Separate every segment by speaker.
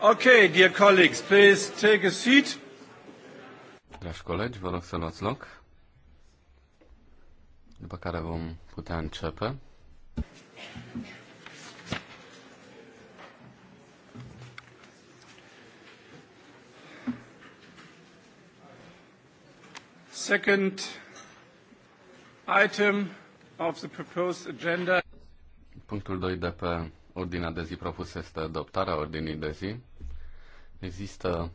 Speaker 1: Okay, dear colleagues, please take a seat.
Speaker 2: Dragi colegi, vă rog să luați loc. După care vom putea începe.
Speaker 1: Second item of the proposed agenda.
Speaker 2: Punctul 2 de pe ordinea de zi propusă este adoptarea ordinii de zi. Există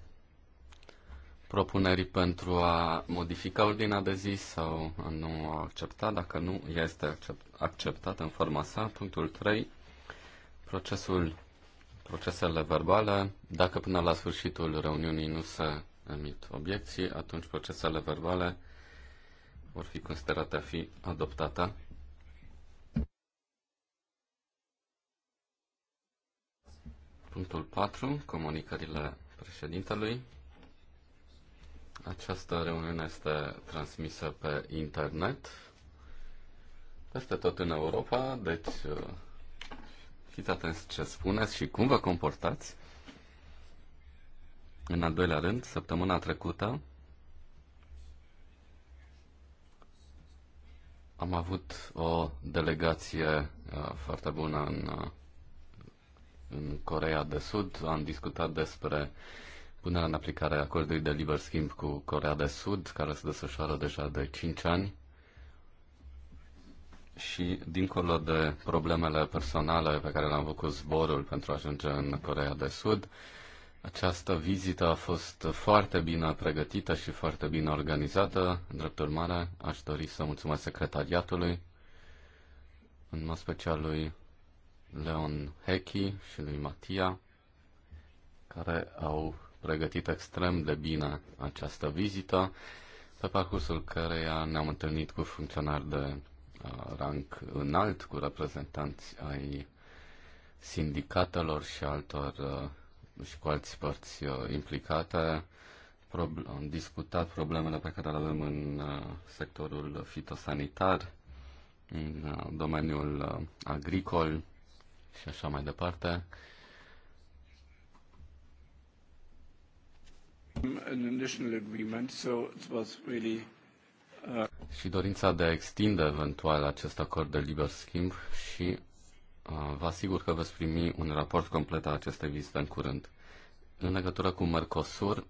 Speaker 2: propuneri pentru a modifica ordinea de zi sau a nu o accepta. Dacă nu, ea este accept, acceptată în forma sa. Punctul 3. Procesul, procesele verbale. Dacă până la sfârșitul reuniunii nu se emit obiecții, atunci procesele verbale vor fi considerate a fi adoptate. Punctul 4. Comunicările președintelui. Această reuniune este transmisă pe internet peste tot în Europa, deci uh, fiți atenți ce spuneți și cum vă comportați. În al doilea rând, săptămâna trecută am avut o delegație uh, foarte bună în uh, în Corea de Sud. Am discutat despre punerea în aplicare a acordului de liber schimb cu Corea de Sud, care se desfășoară deja de 5 ani. Și dincolo de problemele personale pe care le-am avut cu zborul pentru a ajunge în Corea de Sud, această vizită a fost foarte bine pregătită și foarte bine organizată. În drept urmare, aș dori să mulțumesc secretariatului, în mod special lui Leon Hechi și lui Matia, care au pregătit extrem de bine această vizită, pe parcursul căreia ne-am întâlnit cu funcționari de uh, rang înalt, cu reprezentanți ai sindicatelor și altor uh, și cu alți părți uh, implicate, am discutat problemele pe care le avem în sectorul fitosanitar, în domeniul agricol, și așa mai departe. An additional agreement, so it was really uh, și dorința de a extinde eventual acest acord de liber schimb și uh, vă asigur că veți primi un raport complet al acestei vizite în curând. În legătură cu Mercosur,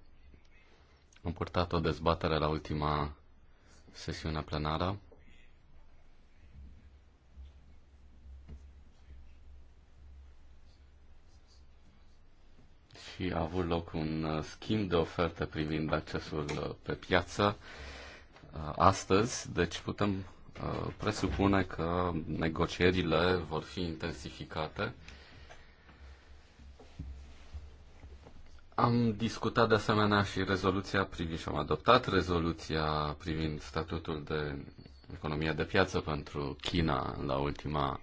Speaker 2: am purtat o dezbatere la ultima sesiune plenară și a avut loc un uh, schimb de oferte privind accesul uh, pe piață uh, astăzi, deci putem presupune că negocierile vor fi intensificate. Am discutat de asemenea și rezoluția privind și am adoptat rezoluția privind statutul de economie de piață pentru China la ultima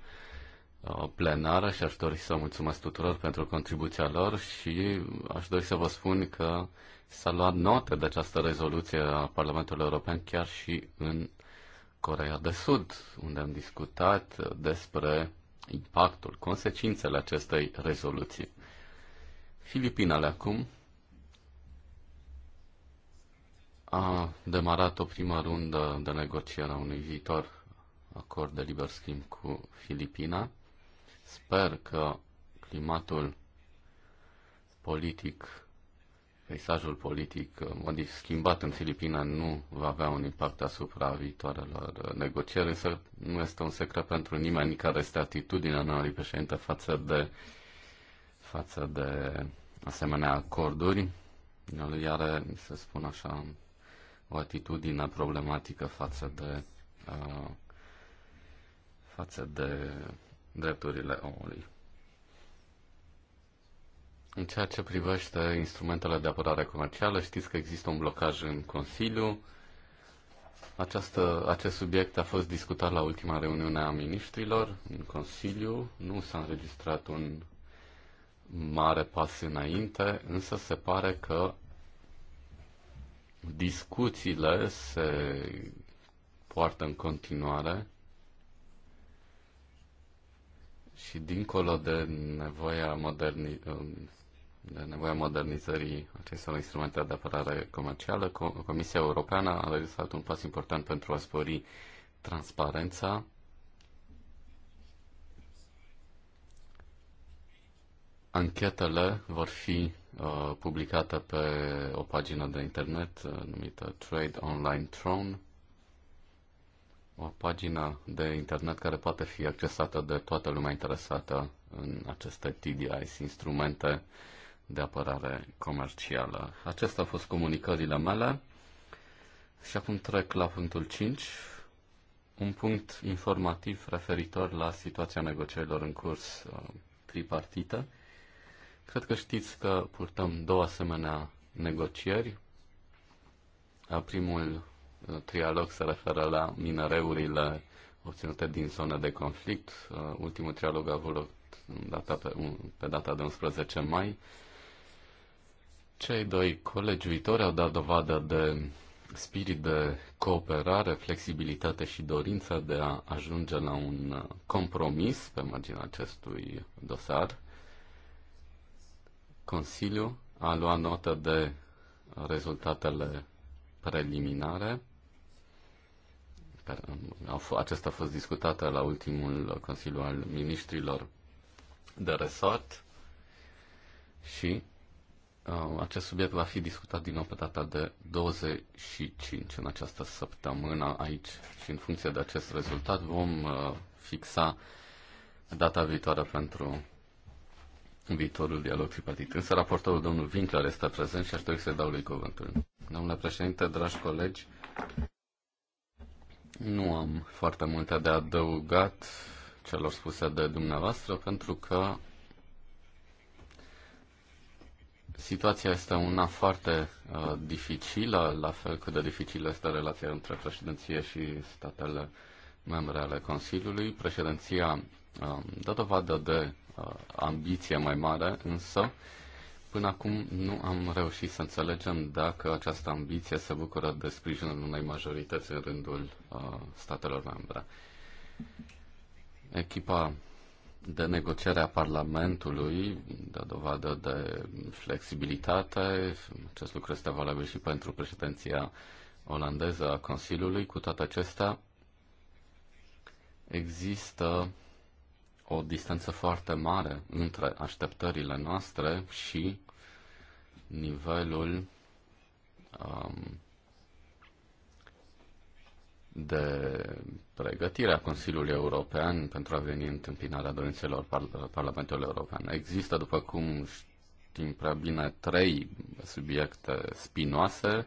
Speaker 2: Uh, plenară și aș dori să mulțumesc tuturor pentru contribuția lor și aș dori să vă spun că s-a luat note de această rezoluție a Parlamentului European chiar și în Corea de Sud, unde am discutat despre impactul, consecințele acestei rezoluții. Filipinele acum a demarat o primă rundă de negociere a unui viitor acord de liber schimb cu Filipina. Sper că climatul politic, peisajul politic modific, schimbat în Filipina nu va avea un impact asupra viitoarelor negocieri, însă nu este un secret pentru nimeni care este atitudinea noului președinte față de, față de asemenea acorduri. El are, să spun așa, o atitudine problematică față de, uh, față de drepturile omului. În ceea ce privește instrumentele de apărare comercială, știți că există un blocaj în Consiliu. Această, acest subiect a fost discutat la ultima reuniune a ministrilor în Consiliu. Nu s-a înregistrat un mare pas înainte, însă se pare că discuțiile se poartă în continuare și dincolo de nevoia, moderni, um, de nevoia modernizării acestor instrumente de apărare comercială, Comisia Europeană a realizat un pas important pentru a spori transparența Anchetele vor fi uh, publicate pe o pagină de internet uh, numită Trade Online Throne, o pagină de internet care poate fi accesată de toată lumea interesată în aceste TDIs, instrumente de apărare comercială. Acestea au fost comunicările mele și acum trec la punctul 5, un punct informativ referitor la situația negocierilor în curs uh, tripartită. Cred că știți că purtăm două asemenea negocieri. Uh, primul trialog se referă la minereurile obținute din zone de conflict. Uh, ultimul trialog a avut loc data pe, pe data de 11 mai. Cei doi colegi viitori au dat dovadă de spirit de cooperare, flexibilitate și dorința de a ajunge la un uh, compromis pe marginea acestui dosar. Consiliul a luat notă de rezultatele preliminare acesta a fost discutată la ultimul Consiliu al Ministrilor de Resort și uh, acest subiect va fi discutat din nou pe data de 25 în această săptămână aici și în funcție de acest rezultat vom uh, fixa data viitoare pentru viitorul dialog tripartit. Însă raportorul domnul Winkler este prezent și aș dori să-i dau lui cuvântul. Domnule președinte, dragi colegi, nu am foarte multe de adăugat celor spuse de dumneavoastră, pentru că situația este una foarte uh, dificilă, la fel cât de dificilă este relația între președinție și statele membre ale Consiliului. Președinția uh, dă dovadă de uh, ambiție mai mare, însă uh, Până acum nu am reușit să înțelegem dacă această ambiție se bucură de sprijinul unei majorități în rândul uh, statelor membre. Echipa de negociere a Parlamentului dă dovadă de flexibilitate. Acest lucru este valabil și pentru președinția olandeză a Consiliului. Cu toate acestea, există o distanță foarte mare între așteptările noastre și nivelul um, de pregătire a Consiliului European pentru a veni în întâmpinarea dorințelor par- Parlamentului European. Există, după cum știm prea bine, trei subiecte spinoase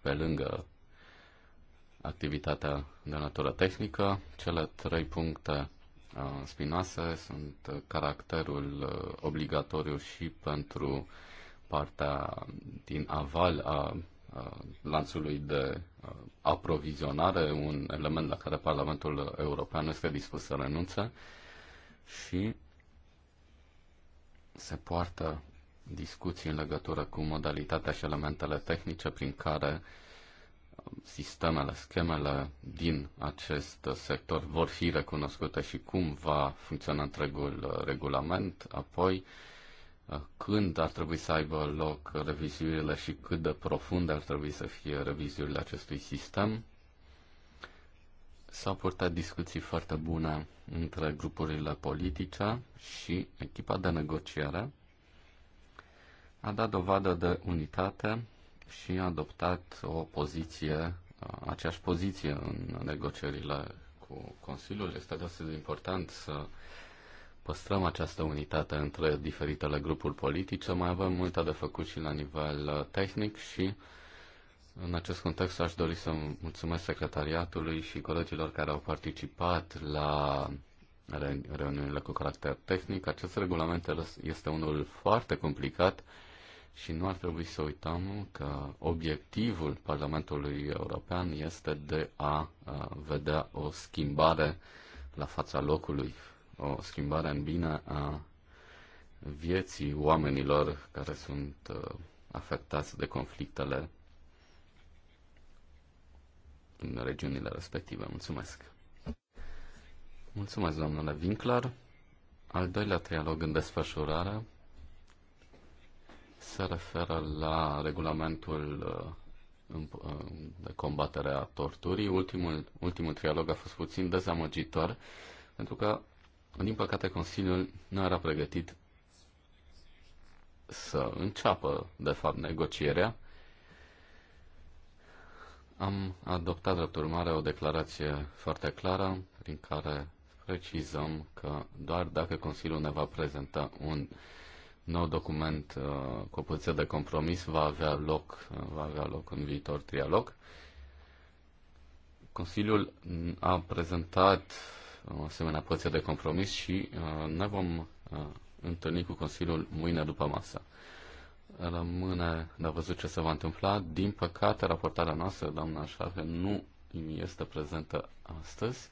Speaker 2: pe lângă activitatea de natură tehnică. Cele trei puncte Uh, spinoase sunt uh, caracterul uh, obligatoriu și pentru partea din aval a lanțului de aprovizionare, un element la care Parlamentul European nu este dispus să renunțe și se poartă discuții în legătură cu modalitatea și elementele tehnice prin care uh, sistemele, schemele din acest sector vor fi recunoscute și cum va funcționa întregul regulament, apoi când ar trebui să aibă loc revizuirile și cât de profunde ar trebui să fie revizuirile acestui sistem. S-au purtat discuții foarte bune între grupurile politice și echipa de negociere a dat dovadă de unitate și a adoptat o poziție, aceeași poziție în negocierile cu Consiliul. Este deosebit de important să păstrăm această unitate între diferitele grupuri politice. Mai avem multe de făcut și la nivel uh, tehnic și în acest context aș dori să mulțumesc secretariatului și colegilor care au participat la reuniunile cu caracter tehnic. Acest regulament este unul foarte complicat și nu ar trebui să uităm că obiectivul Parlamentului European este de a vedea o schimbare la fața locului, o schimbare în bine a vieții oamenilor care sunt afectați de conflictele în regiunile respective. Mulțumesc! Mulțumesc, domnule Winkler. Al doilea trialog în desfășurare se referă la regulamentul uh, uh, de combatere a torturii. Ultimul, ultimul trialog a fost puțin dezamăgitor, pentru că, din păcate, Consiliul nu era pregătit să înceapă, de fapt, negocierea. Am adoptat, drept urmare, o declarație foarte clară, prin care precizăm că doar dacă Consiliul ne va prezenta un uh, nou document uh, cu o poziție de compromis va avea loc, uh, va avea loc în viitor trialog. Consiliul a prezentat o asemenea poziție de compromis și uh, ne vom uh, întâlni cu Consiliul mâine după masă. Rămâne de văzut ce se va întâmpla. Din păcate, raportarea noastră, doamna Șafe, nu este prezentă astăzi.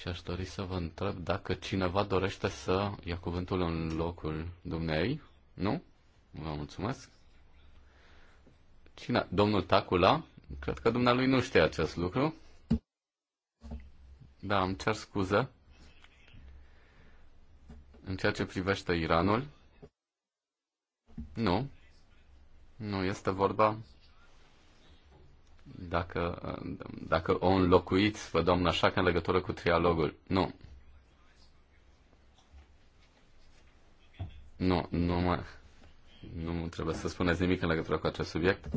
Speaker 2: Și aș dori să vă întreb dacă cineva dorește să ia cuvântul în locul dumnei. Nu? Vă mulțumesc. Cine? Domnul Tacula? Cred că dumnealui nu știe acest lucru. Da, îmi cer scuze. În ceea ce privește Iranul? Nu. Nu este vorba dacă, dacă o înlocuiți pe așa că în legătură cu trialogul. Nu. Nu, nu, mă, nu trebuie să spuneți nimic în legătură cu acest subiect.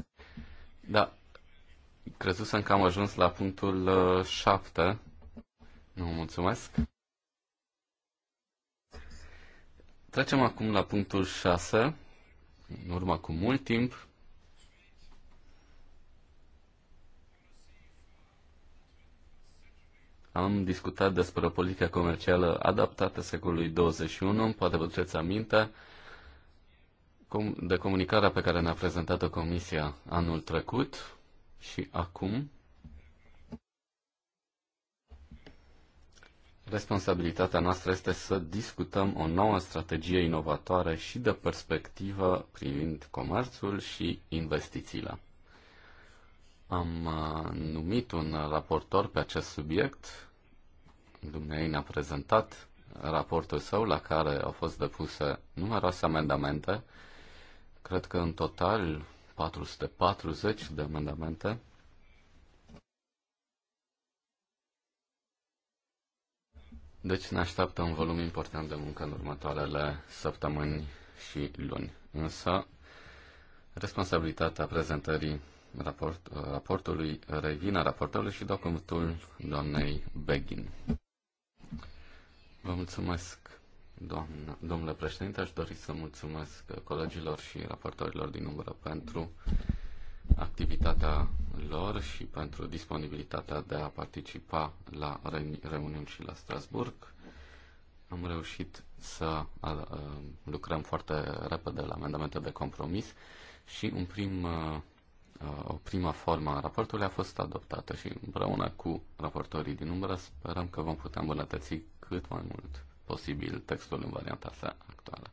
Speaker 2: Da, crezusem că am ajuns la punctul uh, 7. Nu, mulțumesc. Trecem acum la punctul 6. În urmă cu mult timp, am discutat despre politica comercială adaptată secolului 21, poate vă duceți aminte, de comunicarea pe care ne-a prezentat-o Comisia anul trecut și acum Responsabilitatea noastră este să discutăm o nouă strategie inovatoare și de perspectivă privind comerțul și investițiile. Am uh, numit un raportor pe acest subiect, Dumnezeu ne-a prezentat raportul său la care au fost depuse numeroase amendamente. Cred că în total 440 de amendamente. Deci ne așteaptă un volum important de muncă în următoarele săptămâni și luni. Însă, responsabilitatea prezentării raport, raportului revine raportului și documentul doamnei Begin. Vă mulțumesc, doamnă, domnule președinte. Aș dori să mulțumesc colegilor și raportorilor din umbră pentru activitatea lor și pentru disponibilitatea de a participa la reuniuni și la Strasburg. Am reușit să lucrăm foarte repede la amendamente de compromis și un prim Uh, o primă formă a raportului a fost adoptată și împreună cu raportorii din umbră sperăm că vom putea îmbunătăți cât mai mult posibil textul în varianta sa actuală.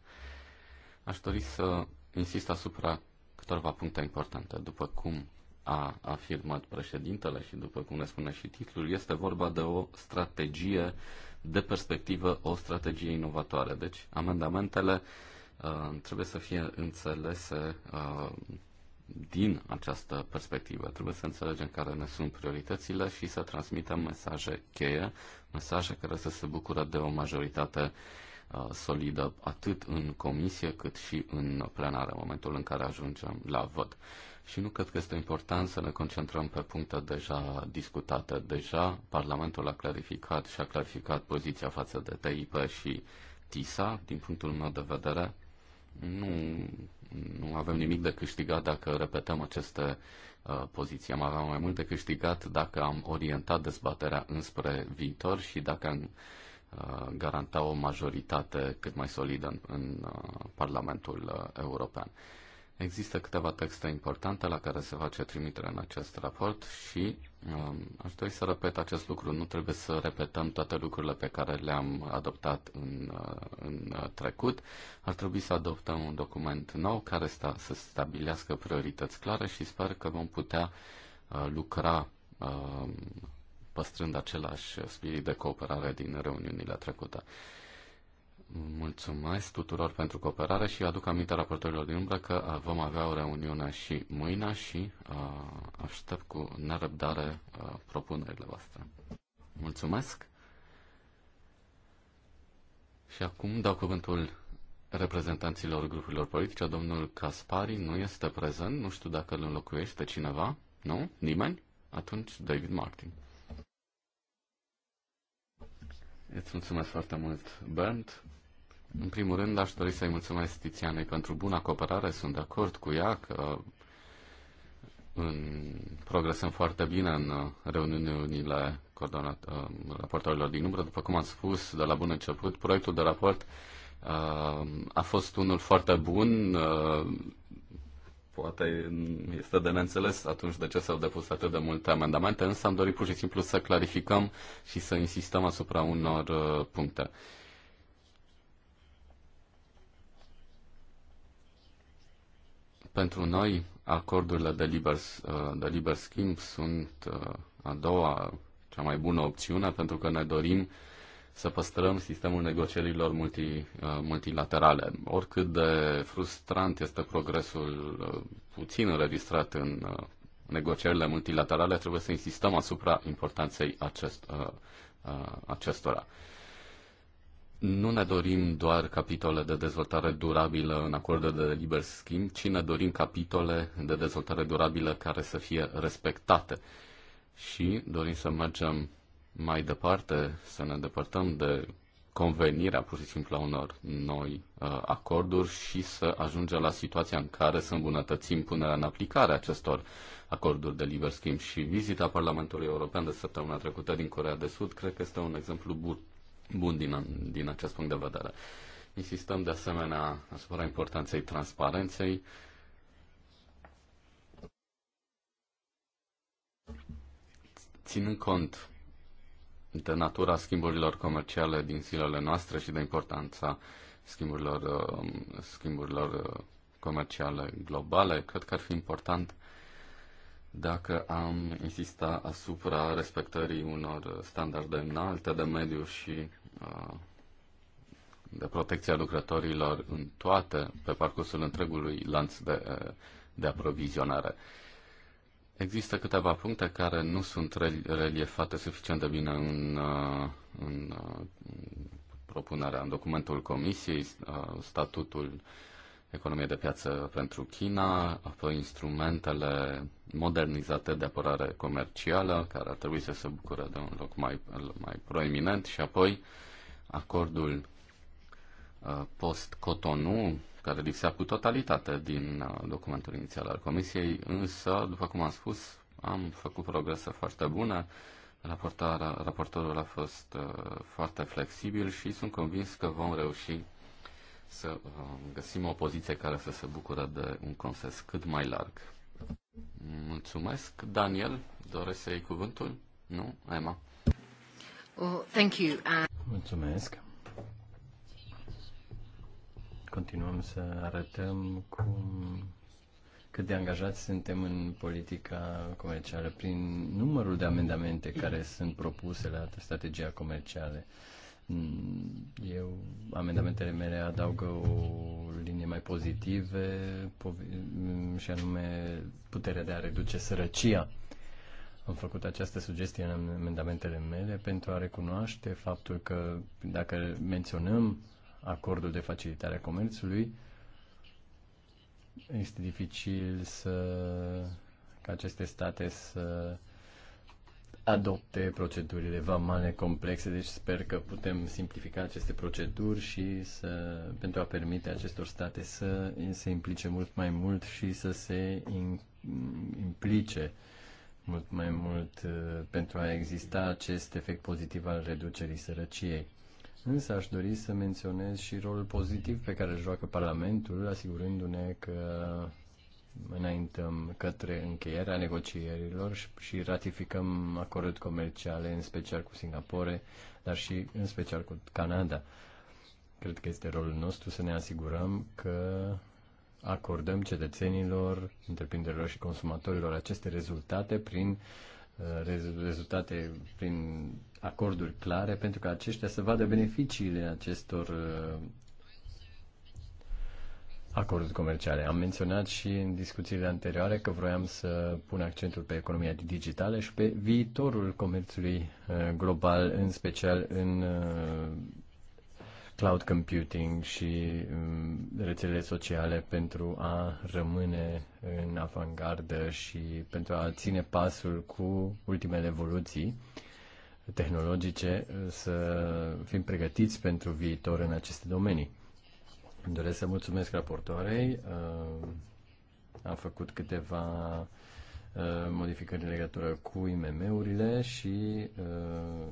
Speaker 2: Aș dori să insist asupra câtorva puncte importante. După cum a afirmat președintele și după cum ne spune și titlul, este vorba de o strategie de perspectivă, o strategie inovatoare. Deci, amendamentele uh, trebuie să fie înțelese uh, din această perspectivă. Trebuie să înțelegem care ne sunt prioritățile și să transmitem mesaje cheie, mesaje care să se bucură de o majoritate uh, solidă atât în comisie cât și în plenară, în momentul în care ajungem la vot. Și nu cred că este important să ne concentrăm pe puncte deja discutate. Deja Parlamentul a clarificat și a clarificat poziția față de TIP și TISA. Din punctul meu de vedere, nu, nu avem nimic de câștigat dacă repetăm aceste uh, poziții. Am avea mai mult de câștigat dacă am orientat dezbaterea înspre viitor și dacă am uh, garanta o majoritate cât mai solidă în, în uh, Parlamentul uh, European. Există câteva texte importante la care se face trimitere în acest raport și um, aș dori să repet acest lucru. Nu trebuie să repetăm toate lucrurile pe care le-am adoptat în, uh, în uh, trecut. Ar trebui să adoptăm un document nou care sta, să stabilească priorități clare și sper că vom putea uh, lucra uh, păstrând același spirit de cooperare din reuniunile trecute. Uh, Mulțumesc tuturor pentru cooperare și aduc aminte raportorilor din umbră că uh, vom avea o reuniune și mâine și uh, aștept cu nerăbdare uh, propunerile voastre. Mulțumesc! Și acum dau cuvântul reprezentanților grupurilor politice. Domnul Caspari nu este prezent, nu știu dacă îl înlocuiește cineva. Nu? Nimeni? Atunci David Martin. Îți mulțumesc foarte mult, Bernd. În primul rând, aș dori să-i mulțumesc Tizianei pentru buna cooperare. Sunt de acord cu ea că în, progresăm foarte bine în reuniunile uh, raportorilor din umbră. După cum am spus de la bun început, proiectul de raport uh, a fost unul foarte bun. Uh, poate este de neînțeles atunci de ce s-au depus atât de multe amendamente, însă am dorit pur și simplu să clarificăm și să insistăm asupra unor puncte. Pentru noi, acordurile de liber, uh, de liber schimb sunt uh, a doua, cea mai bună opțiune, pentru că ne dorim să păstrăm sistemul negocierilor multi, uh, multilaterale. Oricât de frustrant este progresul puțin înregistrat în negocierile multilaterale, trebuie să insistăm asupra importanței acest, acestora nu ne dorim doar capitole de dezvoltare durabilă în acordul de liber schimb, ci ne dorim capitole de dezvoltare durabilă care să fie respectate. Și dorim să mergem mai departe, să ne îndepărtăm de convenirea pur și simplu a unor noi uh, acorduri și să ajungem la situația în care să îmbunătățim punerea în aplicare acestor acorduri de liber schimb. Și vizita Parlamentului European de săptămâna trecută din Corea de Sud cred că este un exemplu bun bun din, din acest punct de vedere. Insistăm de asemenea asupra importanței transparenței. Ținând cont de natura schimburilor comerciale din zilele noastre și de importanța schimburilor, um, schimburilor uh, comerciale globale, cred că ar fi important dacă am insista asupra respectării unor standarde înalte de mediu și uh, de protecția lucrătorilor în toate, pe parcursul întregului lanț de, uh, de aprovizionare. Există câteva puncte care nu sunt reliefate suficient de bine în, uh, în propunerea, în documentul Comisiei, statutul uh, economie de piață pentru China, apoi instrumentele modernizate de apărare comercială, care ar trebui să se bucure de un loc mai, mai proeminent, și apoi acordul uh, post-Cotonou, care lipsea cu totalitate din uh, documentul inițial al Comisiei, însă, după cum am spus, am făcut progrese foarte bune, Raportarea, raportorul a fost uh, foarte flexibil și sunt convins că vom reuși să uh, găsim o poziție care să se bucure de un consens cât mai larg. Mulțumesc. Daniel, doresc să iei cuvântul? Nu? Emma?
Speaker 3: Oh, thank you. Uh, Mulțumesc.
Speaker 2: Continuăm să
Speaker 3: arătăm cum cât de angajați suntem în politica comercială prin numărul de amendamente care sunt propuse la strategia comercială. Mm, eu, amendamentele mele adaugă o linie mai pozitive mm, și anume puterea de a reduce sărăcia. Am făcut această sugestie în amendamentele mele pentru a recunoaște faptul că dacă menționăm acordul de facilitare a comerțului, este dificil să, ca aceste state să adopte procedurile vamale complexe, deci sper că putem simplifica aceste proceduri și să, pentru a permite acestor state să se implice mult mai mult și să se in, implice mult mai mult uh, pentru a exista acest efect pozitiv al reducerii sărăciei. Însă aș dori să menționez și rolul pozitiv pe care îl joacă Parlamentul, asigurându-ne că înaintăm către încheierea negocierilor și ratificăm acorduri comerciale, în special cu Singapore, dar și în special cu Canada. Cred că este rolul nostru să ne asigurăm că acordăm cetățenilor, întreprinderilor și consumatorilor aceste rezultate prin uh, rezultate prin acorduri clare pentru că aceștia să vadă beneficiile acestor uh, acorduri comerciale. Am menționat și în discuțiile anterioare că vroiam să pun accentul pe economia digitală și pe viitorul comerțului uh, global, în special în uh, cloud computing și um, rețelele sociale pentru a rămâne în avantgardă și pentru a ține pasul cu ultimele evoluții tehnologice, uh, să fim pregătiți pentru viitor în aceste domenii. Îmi doresc să mulțumesc raportoarei. Uh, am făcut câteva uh, modificări în legătură cu IMM-urile și uh,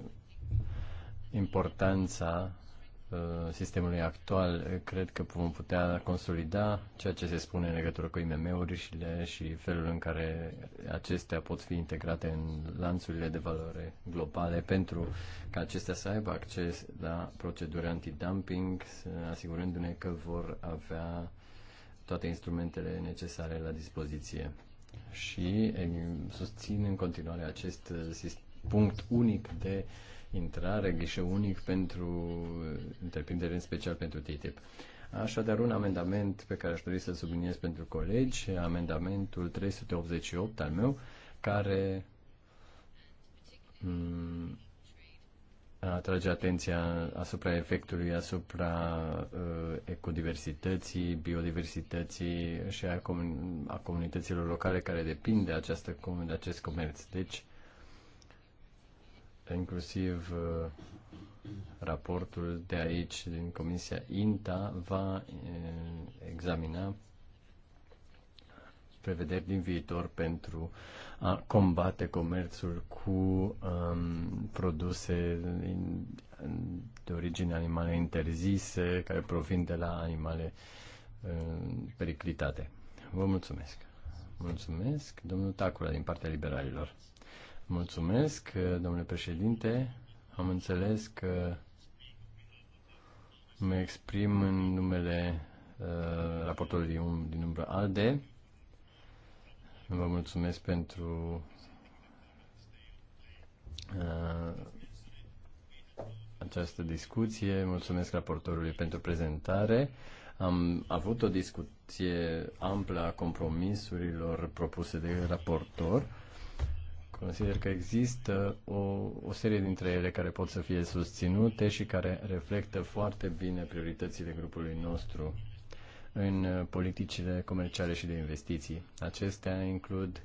Speaker 3: importanța Uh, sistemului actual, cred că vom putea consolida ceea ce se spune în legătură cu IMM-urile și felul în care acestea pot fi integrate în lanțurile de valoare globale pentru ca acestea să aibă acces la proceduri antidumping, asigurându-ne că vor avea toate instrumentele necesare la dispoziție. Și eh, susțin în continuare acest eh, punct unic de uh, intrare, ghișeu unic pentru uh, întreprindere, în special pentru TTIP. Așadar, un amendament pe care aș dori să-l subliniez pentru colegi, amendamentul 388 al meu, care mm, atrage atenția asupra efectului asupra uh, ecodiversității, biodiversității și a, comun- a comunităților locale care depind de, această, de acest comerț. Deci, inclusiv uh, raportul de aici din Comisia INTA va uh, examina prevederi din viitor pentru a combate comerțul cu um, produse de origine animale interzise care provin de la animale um, periclitate. Vă mulțumesc! Mulțumesc, domnul Tacula, din partea liberalilor. Mulțumesc, domnule președinte. Am înțeles că mă exprim în numele uh, raportorului um, din umbră ALDE. Vă mulțumesc pentru uh, această discuție. Mulțumesc raportorului pentru prezentare. Am avut o discuție amplă a compromisurilor propuse de raportor. Consider că există o, o serie dintre ele care pot să fie susținute și care reflectă foarte bine prioritățile grupului nostru în politicile comerciale și de investiții. Acestea includ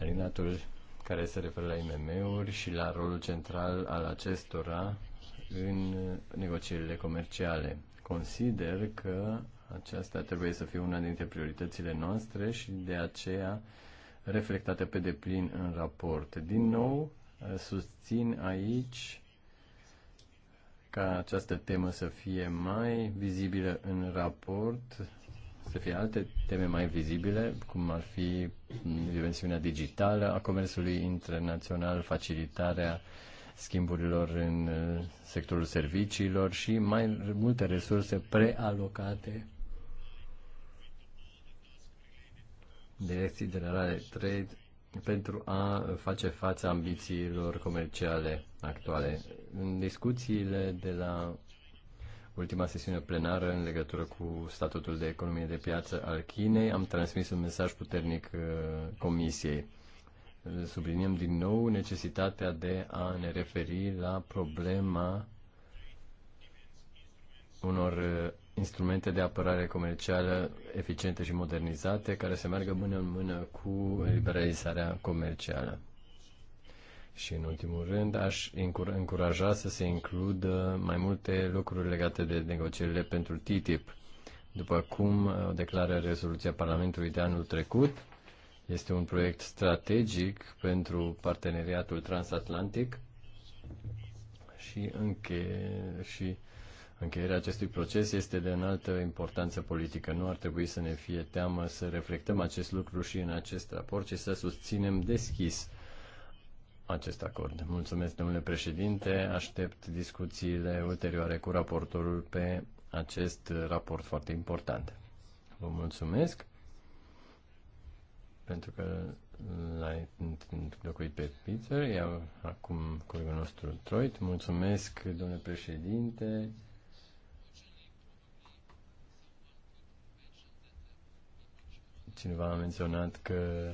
Speaker 3: alinatul care se referă la IMM-uri și la rolul central al acestora în negocierile comerciale. Consider că aceasta trebuie să fie una dintre prioritățile noastre și de aceea reflectate pe deplin în raport. Din nou, eh, susțin aici ca această temă să fie mai vizibilă în raport, să fie alte teme mai vizibile, cum ar fi dimensiunea digitală a comerțului internațional, facilitarea schimburilor în eh, sectorul serviciilor și mai multe resurse prealocate Direcții Generale Trade pentru a face față ambițiilor comerciale actuale. În discuțiile de la ultima sesiune plenară în legătură cu statutul de economie de piață al Chinei, am transmis un mesaj puternic uh, Comisiei. Subliniem din nou necesitatea de a ne referi la problema unor uh, instrumente de apărare comercială eficiente și modernizate care să meargă mână în mână cu liberalizarea comercială. Și în ultimul rând aș încuraja să se includă mai multe lucruri legate de negocierile pentru TTIP. După cum declară rezoluția Parlamentului de anul trecut, este un proiect strategic pentru parteneriatul transatlantic și încheie și Încheierea acestui proces este de înaltă importanță politică. Nu ar trebui să ne fie teamă să reflectăm acest lucru și în acest raport, ci să susținem deschis acest acord. Mulțumesc, domnule președinte. Aștept discuțiile ulterioare cu raportorul pe acest raport foarte important. Vă mulțumesc pentru că l-ai locuit pe Peter, iar acum colegul nostru Troit. Mulțumesc, domnule președinte. Cineva a menționat că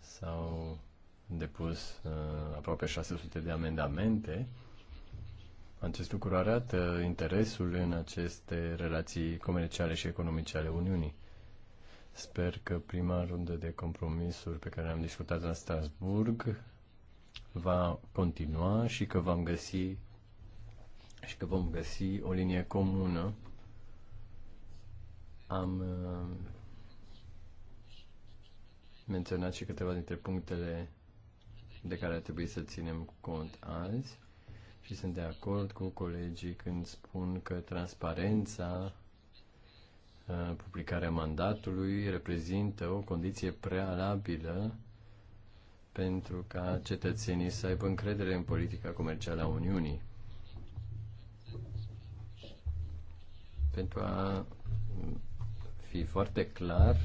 Speaker 3: s-au depus uh, aproape 600 de amendamente. Acest lucru arată interesul în aceste relații comerciale și economice ale Uniunii. Sper că prima rundă de compromisuri pe care am discutat la Strasburg va continua și că vom găsi și că vom găsi o linie comună am uh, menționat și câteva dintre punctele de care ar trebui să ținem cont azi și sunt de acord cu colegii când spun că transparența, uh, publicarea mandatului reprezintă o condiție prealabilă pentru ca cetățenii să aibă încredere în politica comercială a Uniunii. Pentru a fi foarte clar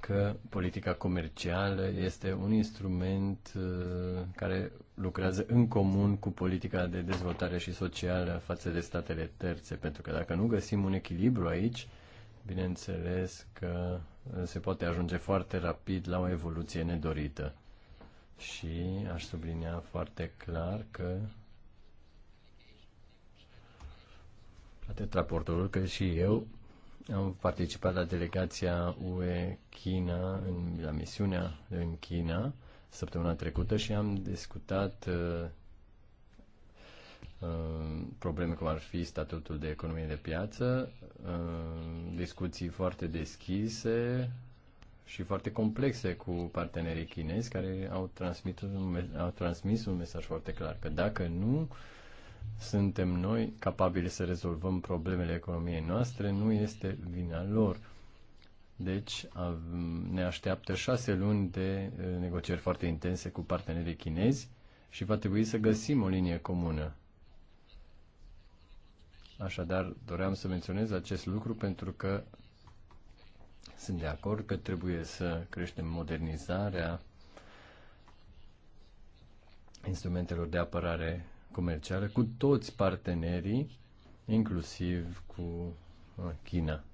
Speaker 3: că politica comercială este un instrument uh, care lucrează în comun cu politica de dezvoltare și socială față de statele terțe, pentru că dacă nu găsim un echilibru aici, bineînțeles că uh, se poate ajunge foarte rapid la o evoluție nedorită. Și aș sublinea foarte clar că Atât raportorul cât și eu am participat la delegația UE China, în, la misiunea în China săptămâna trecută și am discutat uh, uh, probleme cum ar fi statutul de economie de piață, uh, discuții foarte deschise și foarte complexe cu partenerii chinezi care au transmis un, au transmis un mesaj foarte clar că dacă nu uh, suntem noi capabili să rezolvăm problemele economiei noastre, nu este vina lor. Deci ne așteaptă șase luni de eh, negocieri foarte intense cu partenerii chinezi și va trebui să găsim o linie comună. Așadar, doream să menționez acest lucru pentru că sunt de acord că trebuie să creștem modernizarea instrumentelor de apărare comercială cu toți partenerii, inclusiv cu uh, China.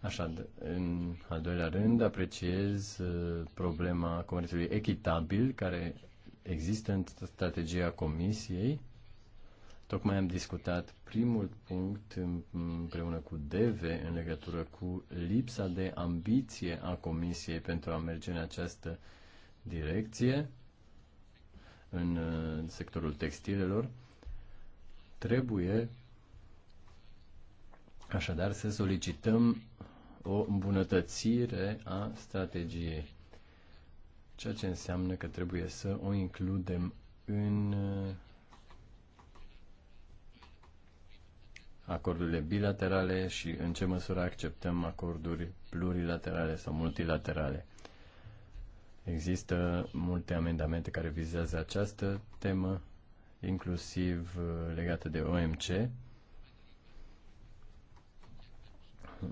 Speaker 3: Așa, în al doilea rând, apreciez uh, problema comerțului echitabil care există în strategia Comisiei. Tocmai am discutat primul punct împreună cu DEVE în legătură cu lipsa de ambiție a Comisiei pentru a merge în această direcție Uh, în sectorul textilelor, trebuie așadar să solicităm o îmbunătățire a strategiei, ceea ce înseamnă că trebuie să o includem în uh, acordurile bilaterale și în ce măsură acceptăm acorduri plurilaterale sau multilaterale. Există multe amendamente care vizează această temă, inclusiv uh, legată de OMC.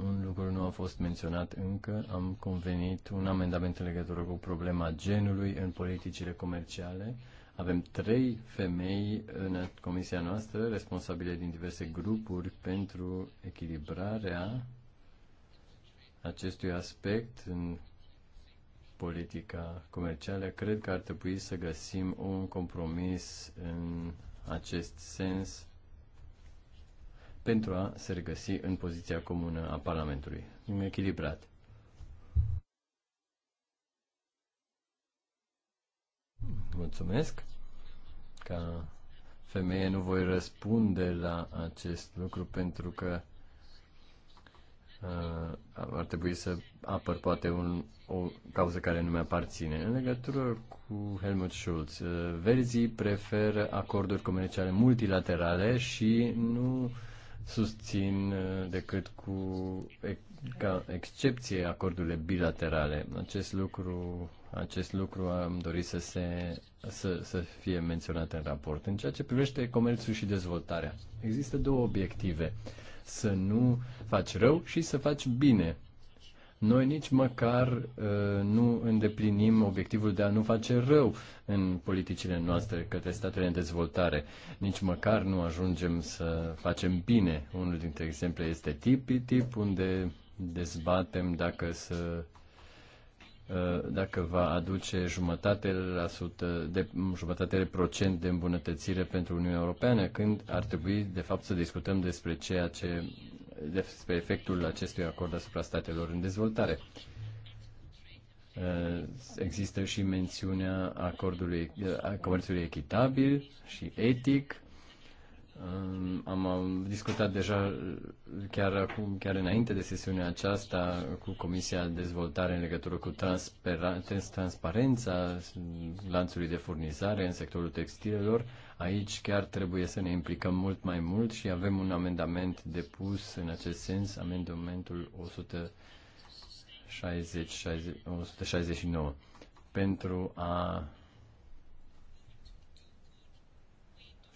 Speaker 3: Un lucru nu a fost menționat încă. Am convenit un amendament în legătură cu problema genului în politicile comerciale. Avem trei femei în comisia noastră, responsabile din diverse grupuri pentru echilibrarea acestui aspect în politica comercială, cred că ar trebui să găsim un compromis în acest sens pentru a se regăsi în poziția comună a Parlamentului, echilibrat. Mulțumesc. Ca femeie nu voi răspunde la acest lucru pentru că Uh, ar trebui să apăr poate un, o cauză care nu mi-aparține. În legătură cu Helmut Schulz, uh, verzii preferă acorduri comerciale multilaterale și nu susțin uh, decât cu ca excepție acordurile bilaterale. Acest lucru, acest lucru am dorit să se să, să fie menționate în raport. În ceea ce privește comerțul și dezvoltarea, există două obiective. Să nu faci rău și să faci bine. Noi nici măcar uh, nu îndeplinim obiectivul de a nu face rău în politicile noastre către statele în dezvoltare. Nici măcar nu ajungem să facem bine. Unul dintre exemple este Tipi Tip, unde dezbatem dacă să Uh, dacă va aduce jumătate, la sută de, jumătate de procent de îmbunătățire pentru Uniunea Europeană, când ar trebui, de fapt, să discutăm despre ceea ce despre efectul acestui acord asupra statelor în dezvoltare. Uh, există și mențiunea acordului uh, comerțului echitabil și etic am discutat deja uh, chiar acum, chiar înainte de sesiunea aceasta cu Comisia de Dezvoltare în legătură cu transparența lanțului de furnizare în sectorul textilelor. Aici chiar trebuie să ne implicăm mult mai mult și avem un amendament depus în acest sens, amendamentul 160, 169, pentru a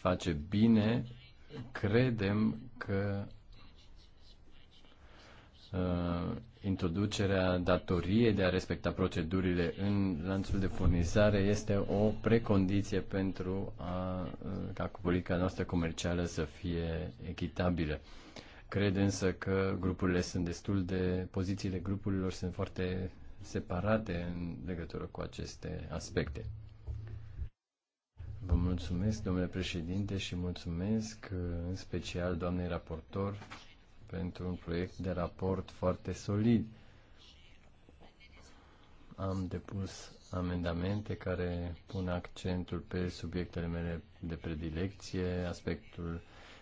Speaker 3: face bine, credem că uh, introducerea datoriei de a respecta procedurile în lanțul de furnizare este o precondiție pentru a, uh, ca politica noastră comercială să fie echitabilă. Cred însă că grupurile sunt destul de, pozițiile grupurilor sunt foarte separate în legătură cu aceste aspecte. Vă mulțumesc, domnule președinte, și mulțumesc uh, în special doamnei raportor pentru un proiect de raport foarte solid. Am depus amendamente care pun accentul pe subiectele mele de predilecție, aspectul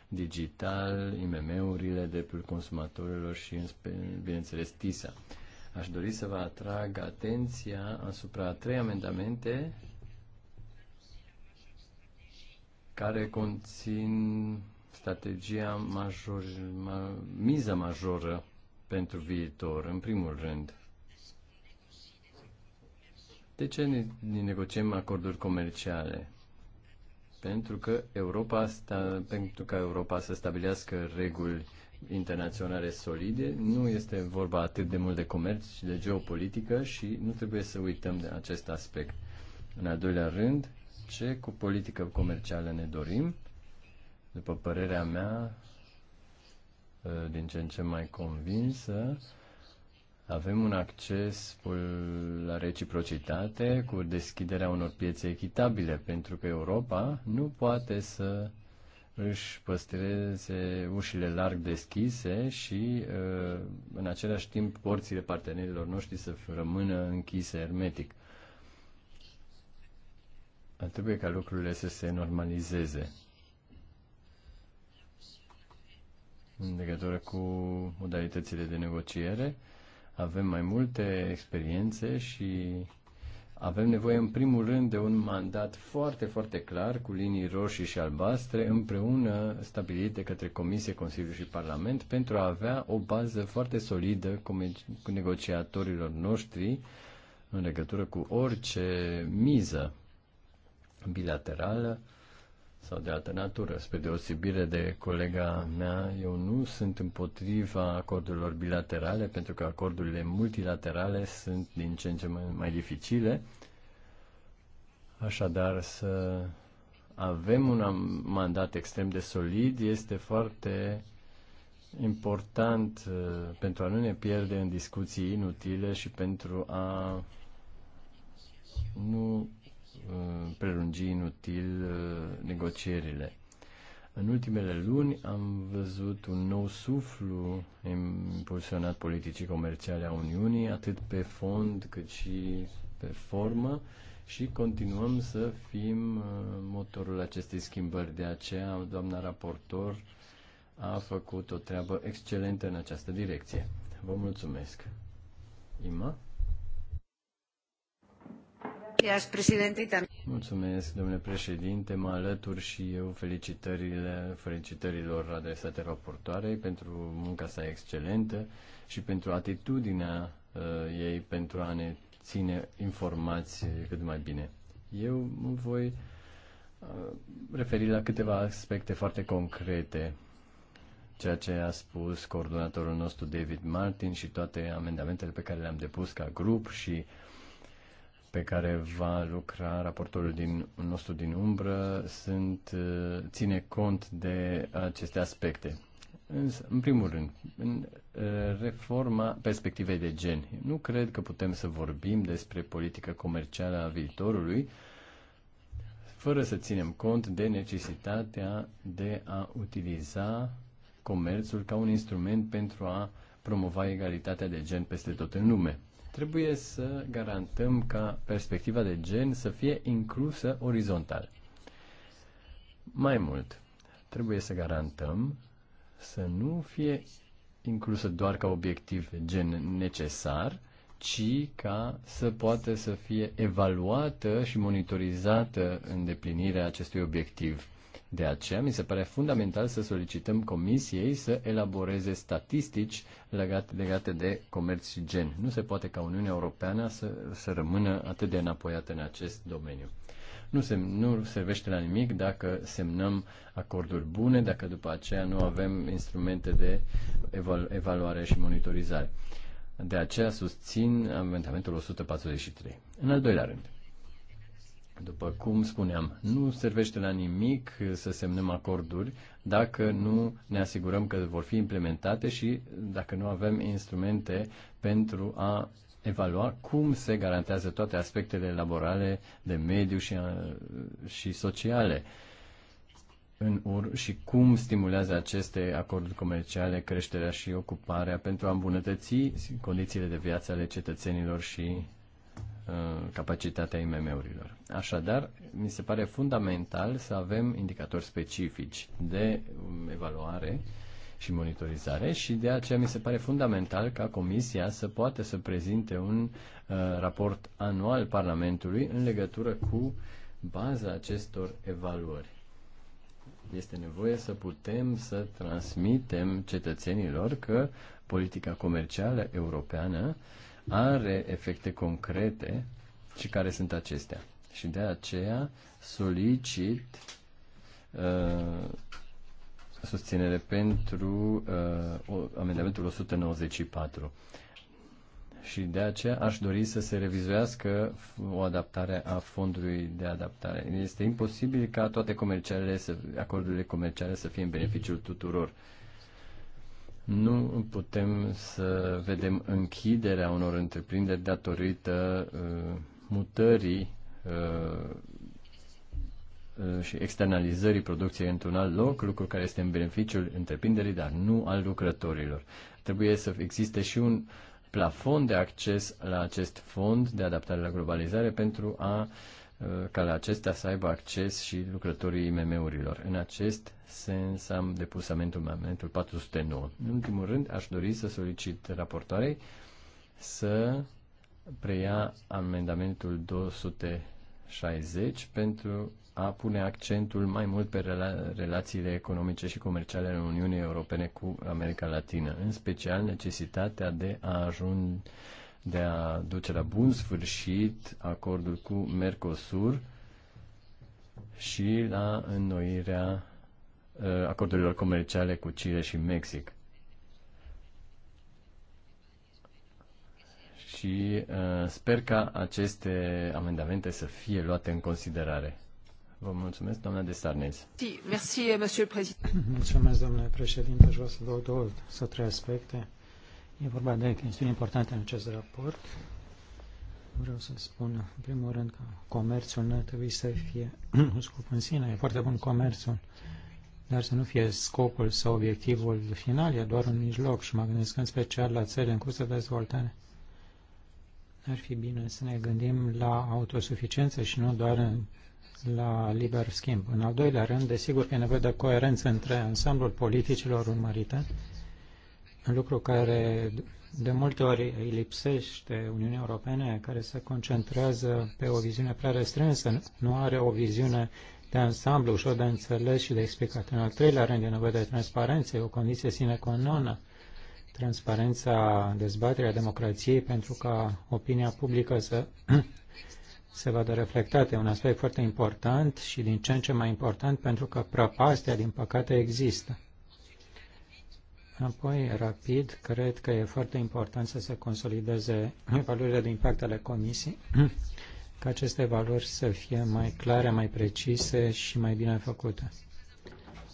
Speaker 3: digital, IMM-urile, dreptul consumatorilor și, bineînțeles, TISA. Aș dori să vă atrag atenția asupra trei amendamente care conțin strategia major, ma, miza majoră pentru viitor, în primul rând. De ce ne, ne negociem acorduri comerciale? Pentru că Europa sta, pentru ca Europa să stabilească reguli internaționale solide, nu este vorba atât de mult de comerț, ci de geopolitică și nu trebuie să uităm de acest aspect. În al doilea rând, ce cu politică comercială ne dorim. După părerea mea, ă, din ce în ce mai convinsă, avem un acces la reciprocitate cu deschiderea unor piețe echitabile, pentru că Europa nu poate să își păstreze ușile larg deschise și ă, în același timp porțile partenerilor noștri să rămână închise hermetic. Trebuie ca lucrurile să se normalizeze. În legătură cu modalitățile de negociere, avem mai multe experiențe și avem nevoie în primul rând de un mandat foarte, foarte clar cu linii roșii și albastre împreună stabilit de către Comisie, Consiliu și Parlament pentru a avea o bază foarte solidă cu negociatorilor noștri în legătură cu orice miză bilaterală sau de altă natură. Spre deosebire de colega mea, eu nu sunt împotriva acordurilor bilaterale, pentru că acordurile multilaterale sunt din ce în ce mai dificile. Așadar, să avem un mandat extrem de solid este foarte important uh, pentru a nu ne pierde în discuții inutile și pentru a nu Uh, prelungi inutil uh, negocierile. În ultimele luni am văzut un nou suflu impulsionat politicii comerciale a Uniunii, atât pe fond cât și pe formă și continuăm să fim uh, motorul acestei schimbări. De aceea, doamna raportor a făcut o treabă excelentă în această direcție. Vă mulțumesc. Ima? Mulțumesc, domnule președinte. Mă alătur și eu felicitările, felicitărilor adresate raportoarei pentru munca sa excelentă și pentru atitudinea uh, ei pentru a ne ține informații cât mai bine. Eu voi uh, referi la câteva aspecte foarte concrete ceea ce a spus coordonatorul nostru David Martin și toate amendamentele pe care le-am depus ca grup și uh, pe care va lucra raportorul din, nostru din umbră sunt, uh, ține cont de aceste aspecte. Însă, în primul rând, în uh, reforma perspectivei de gen. Nu cred că putem să vorbim despre politică comercială a viitorului fără să ținem cont de necesitatea de a utiliza comerțul ca un instrument pentru a promova egalitatea de gen peste tot în lume. Trebuie să garantăm ca perspectiva de gen să fie inclusă orizontal. Mai mult, trebuie să garantăm să nu fie inclusă doar ca obiectiv gen necesar, ci ca să poată să fie evaluată și monitorizată îndeplinirea acestui obiectiv de aceea mi se pare fundamental să solicităm comisiei să elaboreze statistici legate, legate de comerț și gen. Nu se poate ca Uniunea Europeană să, să rămână atât de înapoiată în acest domeniu. Nu, se, nu servește la nimic dacă semnăm acorduri bune, dacă după aceea nu avem instrumente de evalu- evaluare și monitorizare. De aceea susțin amendamentul 143. În al doilea rând, după cum spuneam, nu servește la nimic să semnăm acorduri dacă nu ne asigurăm că vor fi implementate și dacă nu avem instrumente pentru a evalua cum se garantează toate aspectele laborale, de mediu și, și sociale în UR și cum stimulează aceste acorduri comerciale creșterea și ocuparea pentru a îmbunătăți condițiile de viață ale cetățenilor și Uh, capacitatea IMM-urilor. Așadar, mi se pare fundamental să avem indicatori specifici de um, evaluare și monitorizare și de aceea mi se pare fundamental ca Comisia să poată să prezinte un uh, raport anual Parlamentului în legătură cu baza acestor evaluări. Este nevoie să putem să transmitem cetățenilor că politica comercială europeană uh, are efecte concrete și care sunt acestea. Și de aceea solicit uh, susținere pentru uh, amendamentul 194. Și de aceea aș dori să se revizuiască o adaptare a fondului de adaptare. Este imposibil ca toate comercialele să, acordurile comerciale să fie în beneficiul tuturor. Uh, nu putem să vedem închiderea unor întreprinderi datorită uh, mutării uh, uh, și externalizării producției într-un alt loc, lucru care este în beneficiul întreprinderii, dar nu al lucrătorilor. Trebuie să existe și un plafon de acces la acest fond de adaptare la globalizare pentru a Uh, ca la acestea să aibă acces și lucrătorii IMM-urilor. În acest sens am depus amendamentul 409. În ultimul rând, aș dori să solicit raportoarei să preia amendamentul 260 pentru a pune accentul mai mult pe rela- relațiile economice și comerciale ale Uniunii Europene cu America Latină, în special necesitatea de a ajunge de a duce la bun sfârșit acordul cu Mercosur și la înnoirea uh, acordurilor comerciale cu Chile și Mexic. Și uh, sper ca aceste amendamente să fie luate în considerare. Vă mulțumesc, doamna de Sarnez.
Speaker 1: Mulțumesc, domnule președinte. Aș vrea să dau două, să trei aspecte E vorba de chestiuni importante în acest raport. Vreau să spun, în primul rând, că comerțul nu trebuie să fie un scop în sine. E foarte bun comerțul, dar să nu fie scopul sau obiectivul final, e doar un mijloc. Și mă gândesc în special la țări în curs de dezvoltare. Ar fi bine să ne gândim la autosuficiență și nu doar în, la liber schimb. În al doilea rând, desigur că e nevoie de coerență între ansamblul politicilor urmărite lucru care de multe ori îi lipsește Uniunea Europene, care se concentrează pe o viziune prea restrânsă, nu are o viziune de ansamblu ușor de înțeles și de explicat. În al treilea rând, e nevoie de transparență, e o condiție sine qua non transparența dezbaterea democrației pentru ca opinia publică să se vadă reflectată. E un aspect foarte important și din ce în ce mai important pentru că prăpastea, din păcate, există. Apoi, rapid, cred că e foarte important să se consolideze valorile de impact ale comisiei, ca aceste valori să fie mai clare, mai precise și mai bine făcute.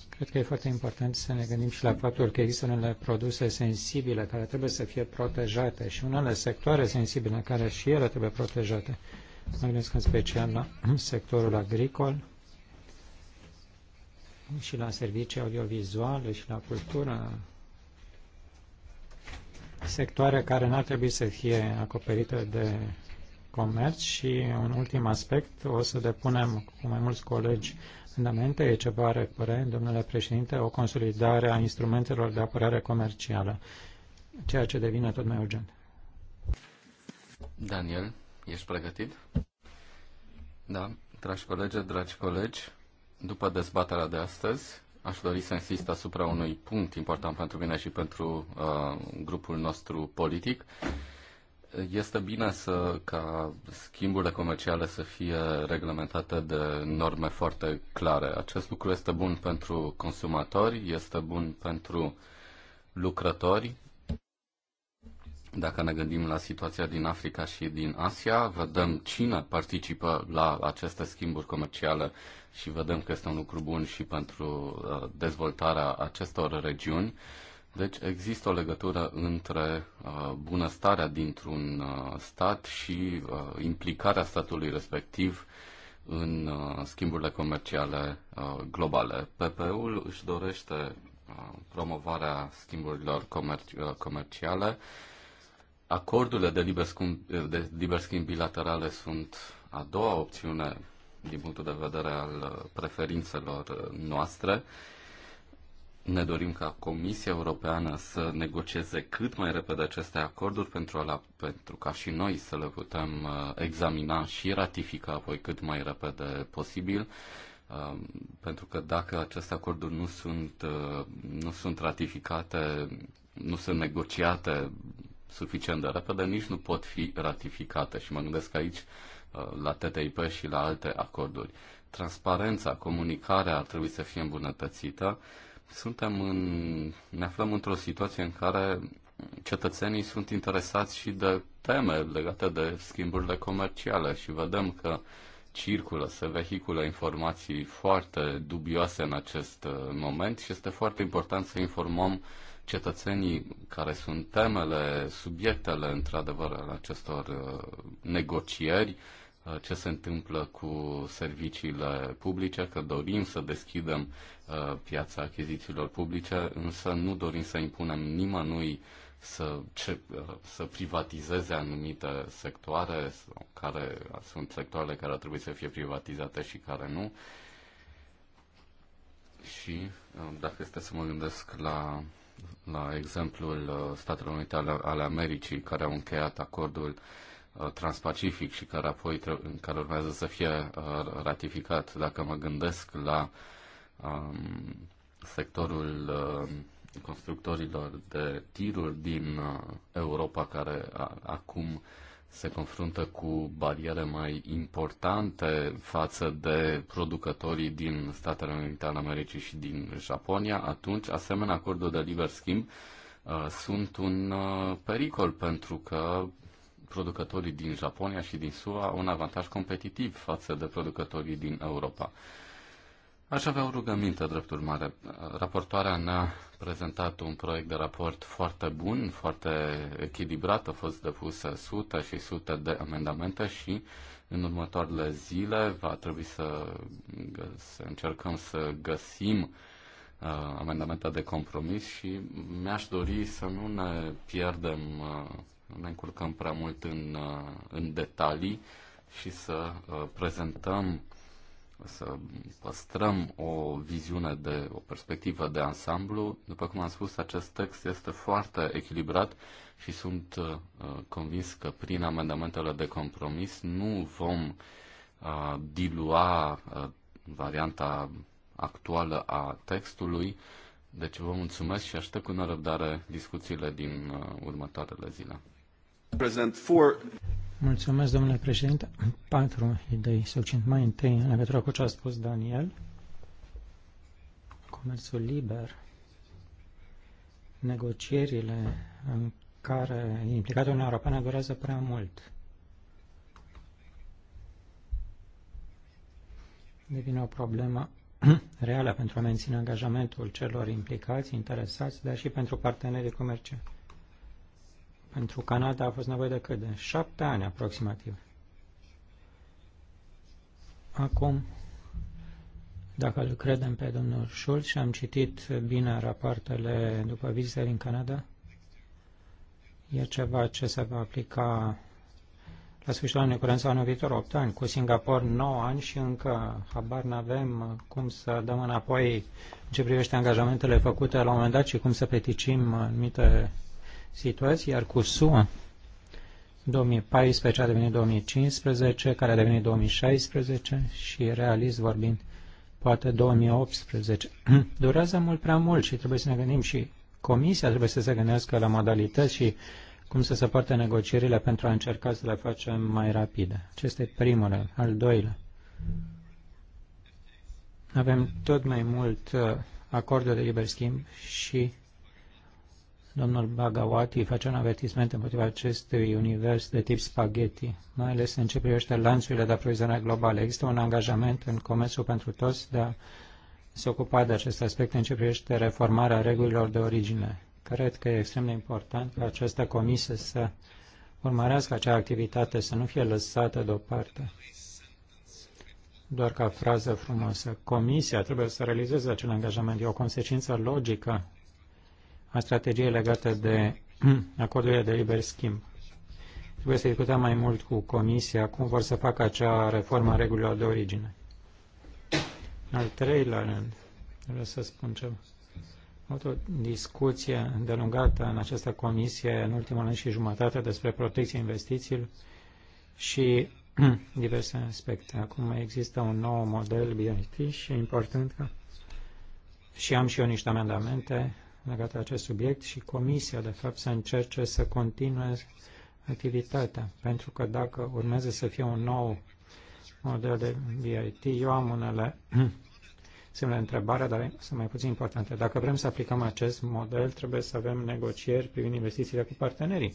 Speaker 1: Cred că e foarte important să ne gândim și la faptul că există unele produse sensibile care trebuie să fie protejate și unele sectoare sensibile care și ele trebuie protejate. Mă gândesc în special la sectorul agricol și la servicii audiovizuale și la cultură, sectoare care n-ar trebui să fie acoperite de comerț și un ultim aspect, o să depunem cu mai mulți colegi amendamente, e ceva repere, domnule președinte, o consolidare a instrumentelor de apărare comercială, ceea ce devine tot mai urgent.
Speaker 2: Daniel, ești pregătit? Da, dragi colegi, dragi colegi, după dezbaterea de astăzi, Aș dori să insist asupra unui punct important pentru mine și pentru uh, grupul nostru politic. Este bine să, ca schimburile comerciale să fie reglementate de norme foarte clare. Acest lucru este bun pentru consumatori, este bun pentru lucrători dacă ne gândim la situația din Africa și din Asia, vedem cine participă la aceste schimburi comerciale și vedem că este un lucru bun și pentru uh, dezvoltarea acestor regiuni. Deci există o legătură între uh, bunăstarea dintr-un uh, stat și implicarea statului respectiv în schimburile comerciale globale. PPE-ul își dorește promovarea schimburilor comerci- comerciale Acordurile de liber, schimb, de liber schimb bilaterale sunt a doua opțiune din punctul de vedere al uh, preferințelor uh, noastre. Ne dorim ca Comisia Europeană să negocieze cât mai repede aceste acorduri pentru, a, pentru ca și noi să le putem uh, examina și ratifica apoi cât mai repede posibil. Um, pentru că dacă aceste acorduri nu sunt, nu sunt ratificate, nu sunt negociate suficient de repede, nici nu pot fi ratificate. Și mă gândesc aici uh, la TTIP și la alte acorduri. Transparența, comunicarea ar trebui să fie îmbunătățită. Suntem în, ne aflăm într-o situație în care cetățenii sunt interesați și de teme legate de schimburile comerciale și vedem că circulă, se vehiculă informații foarte dubioase în acest uh, moment și este foarte important să informăm uh, cetățenii care sunt temele, subiectele, într-adevăr, ale acestor uh, negocieri, uh, ce se întâmplă cu serviciile publice, că dorim să deschidem uh, piața achizițiilor publice, însă nu dorim să impunem nimănui să, ce, să privatizeze anumite sectoare, care sunt sectoarele care ar trebui să fie privatizate și care nu. Și dacă este să mă gândesc la la exemplul uh, Statelor Unite ale, ale Americii, care au încheiat acordul uh, transpacific și care apoi care urmează să fie uh, ratificat. Dacă mă gândesc la um, sectorul uh, constructorilor de tiruri din Europa care a, acum uh, se confruntă cu bariere mai importante față de producătorii din Statele Unite ale Americii și din Japonia, atunci asemenea acorduri de liber schimb uh, sunt un uh, pericol pentru că producătorii din Japonia și din SUA au un avantaj competitiv față de producătorii din Europa. Aș avea o rugăminte, drept urmare. Raportoarea ne-a prezentat un proiect de raport foarte bun, foarte echilibrat, au fost depuse sute și sute de amendamente și în următoarele zile va trebui să, să încercăm să găsim uh, amendamente de compromis și mi-aș dori să nu ne pierdem, uh, nu ne încurcăm prea mult în, uh, în detalii și să uh, prezentăm să păstrăm o viziune de, o perspectivă de ansamblu. După cum am spus, acest text este foarte echilibrat și sunt uh, convins că prin amendamentele de compromis nu vom uh, dilua uh, varianta actuală a textului. Deci vă mulțumesc și aștept cu nerăbdare discuțiile din uh, următoarele zile. President, for...
Speaker 1: Mulțumesc, domnule președinte. Patru idei succint. Mai întâi, în legătură cu ce a spus Daniel, comerțul liber, negocierile în care implicată Uniunea Europeană durează prea mult. Devine o problemă reală pentru a menține angajamentul celor implicați, interesați, dar și pentru partenerii comerciali pentru Canada a fost nevoie de cât? De șapte ani aproximativ. Acum, dacă îl credem pe domnul Schulz și am citit bine rapoartele după vizite din Canada, e ceva ce se va aplica la sfârșitul anului curent sau anul viitor, 8 ani, cu Singapore 9 ani și încă habar n-avem cum să dăm înapoi în ce privește angajamentele făcute la un moment dat și cum să peticim anumite situații, iar cu SUA 2014 a devenit 2015, care a devenit 2016 și realist vorbind poate 2018. Durează mult prea mult și trebuie să ne gândim și comisia trebuie să se gândească la modalități și cum să se poarte negocierile pentru a încerca să le facem mai rapide. Acesta e primul, al doilea. Avem tot mai mult uh, acorduri de liber schimb și Domnul Bagawati face un avertisment împotriva acestui univers de tip spaghetti, mai ales în ce privește lanțurile de aprovizionare globale. Există un angajament în comerțul pentru toți de a se ocupa de acest aspect în ce privește reformarea regulilor de origine. Cred că e extrem de important ca această comisie să urmărească acea activitate, să nu fie lăsată deoparte. Doar ca frază frumoasă, comisia trebuie să realizeze acel angajament. E o consecință logică a strategiei legate de acordurile de liber schimb. Trebuie să discutăm mai mult cu Comisia cum vor să facă acea reformă a regulilor de origine. În al treilea rând, vreau să spun ceva. Am avut o discuție îndelungată în această comisie în ultimul an și jumătate despre protecția investițiilor și diverse aspecte. Acum există un nou model BIT și e important că și am și eu niște amendamente legat de acest subiect și comisia, de fapt, să încerce să continue activitatea. Pentru că dacă urmează să fie un nou model de BIT, eu am unele semne întrebare, dar sunt mai puțin importante. Dacă vrem să aplicăm acest model, trebuie să avem negocieri privind investițiile cu partenerii.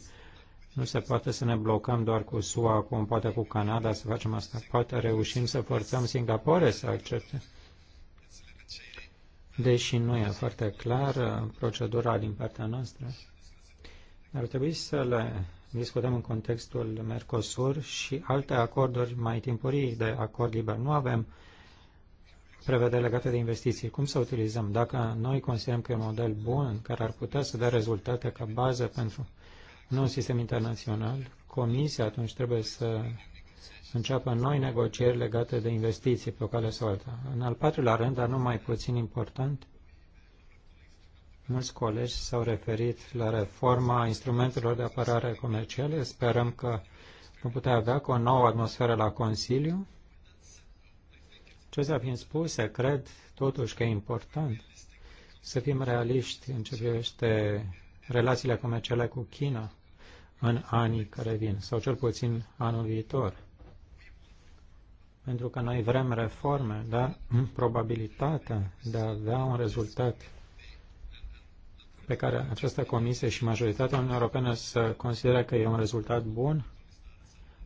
Speaker 1: Nu se poate să ne blocăm doar cu SUA, cum poate cu Canada să facem asta. Poate reușim să forțăm Singapore să accepte deși nu e foarte clar uh, procedura din partea noastră, ar trebui să le discutăm în contextul Mercosur și alte acorduri mai timpurii de acord liber. Nu avem prevederi legate de investiții. Cum să utilizăm? Dacă noi considerăm că e un model bun care ar putea să dea rezultate ca bază pentru un nou sistem internațional, Comisia atunci trebuie să să înceapă noi negocieri legate de investiții pe o cale sau alta. În al patrulea rând, dar nu mai puțin important, mulți colegi s-au referit la reforma instrumentelor de apărare comerciale. Sperăm că vom putea avea cu o nouă atmosferă la Consiliu. ce a fiind spuse, cred totuși că e important să fim realiști în ce privește relațiile comerciale cu China în anii care vin, sau cel puțin anul viitor pentru că noi vrem reforme, dar probabilitatea de a avea un rezultat pe care această comisie și majoritatea Uniunii Europene să consideră că e un rezultat bun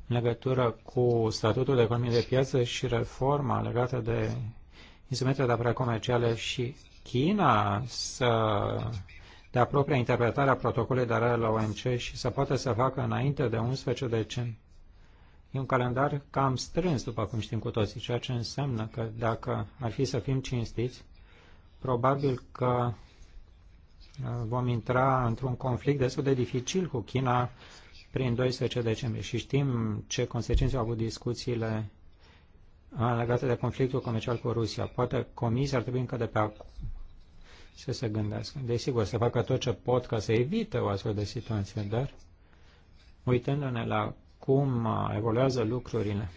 Speaker 1: în legătură cu statutul de economie de piață și reforma legată de instrumentele de apărare comerciale și China să de propria interpretare a protocolului de arare la OMC și să poată să facă înainte de 11 decembrie E un calendar cam strâns, după cum știm cu toții, ceea ce înseamnă că dacă ar fi să fim cinstiți, probabil că uh, vom intra într-un conflict destul de dificil cu China prin 12 decembrie. Și știm ce consecințe au avut discuțiile uh, legate de conflictul comercial cu Rusia. Poate comisia ar trebui încă de pe acum să se gândească. Desigur, să facă tot ce pot ca să evite o astfel de situație, dar uitându-ne la cum uh, evoluează lucrurile,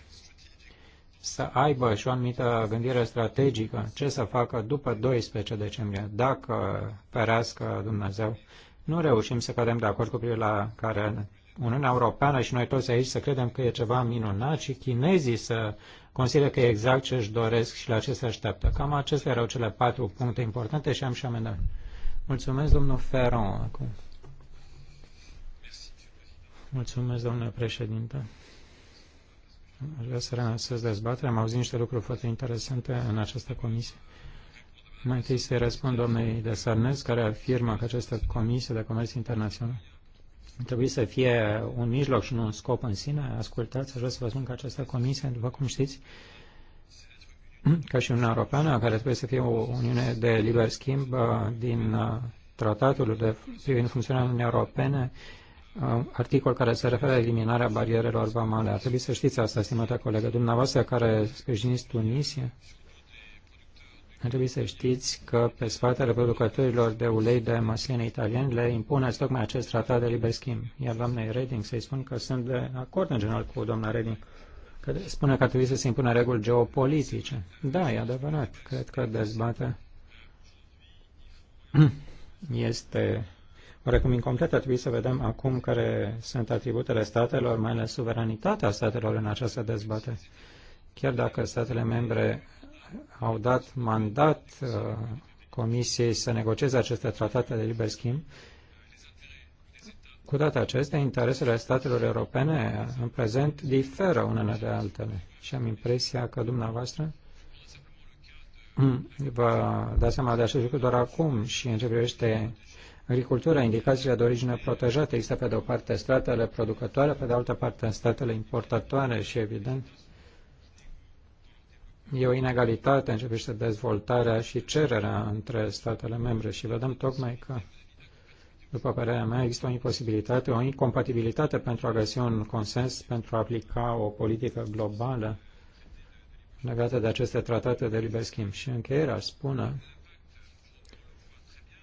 Speaker 1: să aibă și o anumită gândire strategică, ce să facă după 12 decembrie, dacă ferească Dumnezeu. Nu reușim să cădem de acord cu privire la care Uniunea Europeană și noi toți aici să credem că e ceva minunat și chinezii să consideră că e exact ce își doresc și la ce se așteaptă. Cam acestea erau cele patru puncte importante și am și amendat. Mulțumesc, domnul Ferron, acum. Mulțumesc, domnule președinte. Aș vrea să renunțez dezbatere. Am auzit niște lucruri foarte interesante în această comisie. Mai întâi să-i răspund domnului de Sarnez, care afirmă că această comisie de comerț internațional trebuie să fie un mijloc și nu un scop în sine. Ascultați, aș vrea să vă spun că această comisie, după cum știți, ca și Uniunea Europeană, care trebuie să fie o uniune de liber schimb uh, din uh, tratatul de privind funcționarea Uniunii Europene, articol care se referă la eliminarea barierelor vamale. Ar trebui să știți asta, stimată colegă. Dumneavoastră care sprijiniți Tunisia, ar trebui să știți că pe spatele producătorilor de ulei de măsline italieni le impuneți tocmai acest tratat de liber schimb. Iar doamnei Reding să-i spun că sunt de acord în general cu doamna Reding, că spune că ar trebui să se impună reguli geopolitice. Da, e adevărat. Cred că dezbaterea este oarecum incomplet, ar trebui să vedem acum care sunt atributele statelor, mai ales suveranitatea statelor în această dezbatere. Chiar dacă statele membre au dat mandat uh, Comisiei să negocieze aceste tratate de liber schimb, cu toate acestea, interesele statelor europene în prezent diferă unele de altele și am impresia că dumneavoastră vă dați seama de așa lucru doar acum și în ce privește agricultura, indicațiile de origine protejată. Există pe de o parte statele producătoare, pe de altă parte statele importatoare și evident e o inegalitate în ce privește dezvoltarea și cererea între statele membre și vedem tocmai că după părerea mea, există o imposibilitate, o incompatibilitate pentru a găsi un consens pentru a aplica o politică globală legată de aceste tratate de liber schimb. Și încheierea spune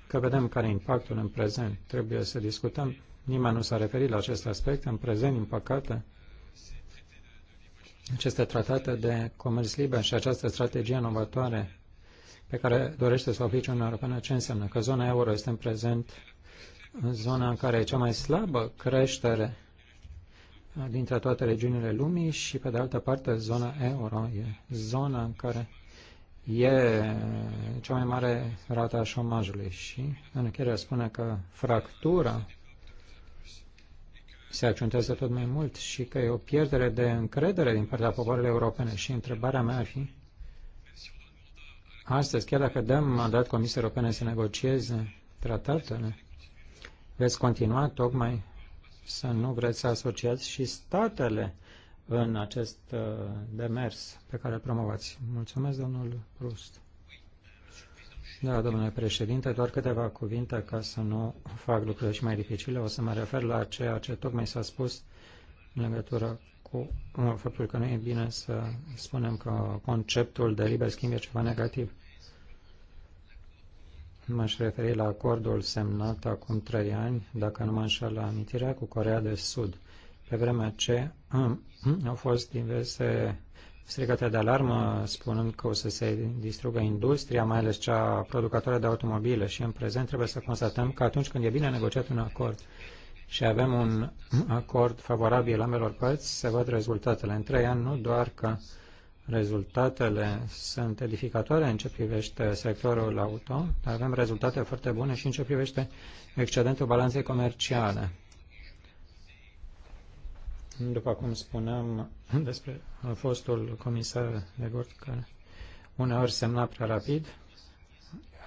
Speaker 1: că vedem care e impactul în prezent. Trebuie să discutăm. Nimeni nu s-a referit la acest aspect. În prezent, în păcate, aceste tratate de comerț liber și această strategie inovatoare pe care dorește să o aplice Uniunea Europeană, ce înseamnă? Că zona euro este în prezent în zona în care e cea mai slabă creștere dintre toate regiunile lumii și, pe de altă parte, zona euro e zona în care e cea mai mare rată a șomajului și în încheiere spune că fractura se accentuează tot mai mult și că e o pierdere de încredere din partea popoarelor europene. Și întrebarea mea ar fi, astăzi, chiar dacă dăm mandat Comisiei Europene să negocieze tratatele, veți continua tocmai să nu vreți să asociați și statele în acest uh, demers pe care îl promovați. Mulțumesc, domnul Rust. Da, domnule președinte, doar câteva cuvinte ca să nu fac lucrurile și mai dificile. O să mă refer la ceea ce tocmai s-a spus în legătură cu uh, faptul că nu e bine să spunem că conceptul de liber schimb e ceva negativ. M-aș referi la acordul semnat acum trei ani, dacă nu mă înșel la amintirea, cu Corea de Sud pe vremea ce mm, mm, au fost diverse strigăte de alarmă spunând că o să se distrugă industria, mai ales cea producătoare de automobile și în prezent trebuie să constatăm că atunci când e bine negociat un acord și avem un acord favorabil ambelor părți, se văd rezultatele. În trei ani nu doar că rezultatele sunt edificatoare în ce privește sectorul auto, dar avem rezultate foarte bune și în ce privește excedentul balanței comerciale după cum spuneam despre fostul comisar de gord, că uneori semna prea rapid,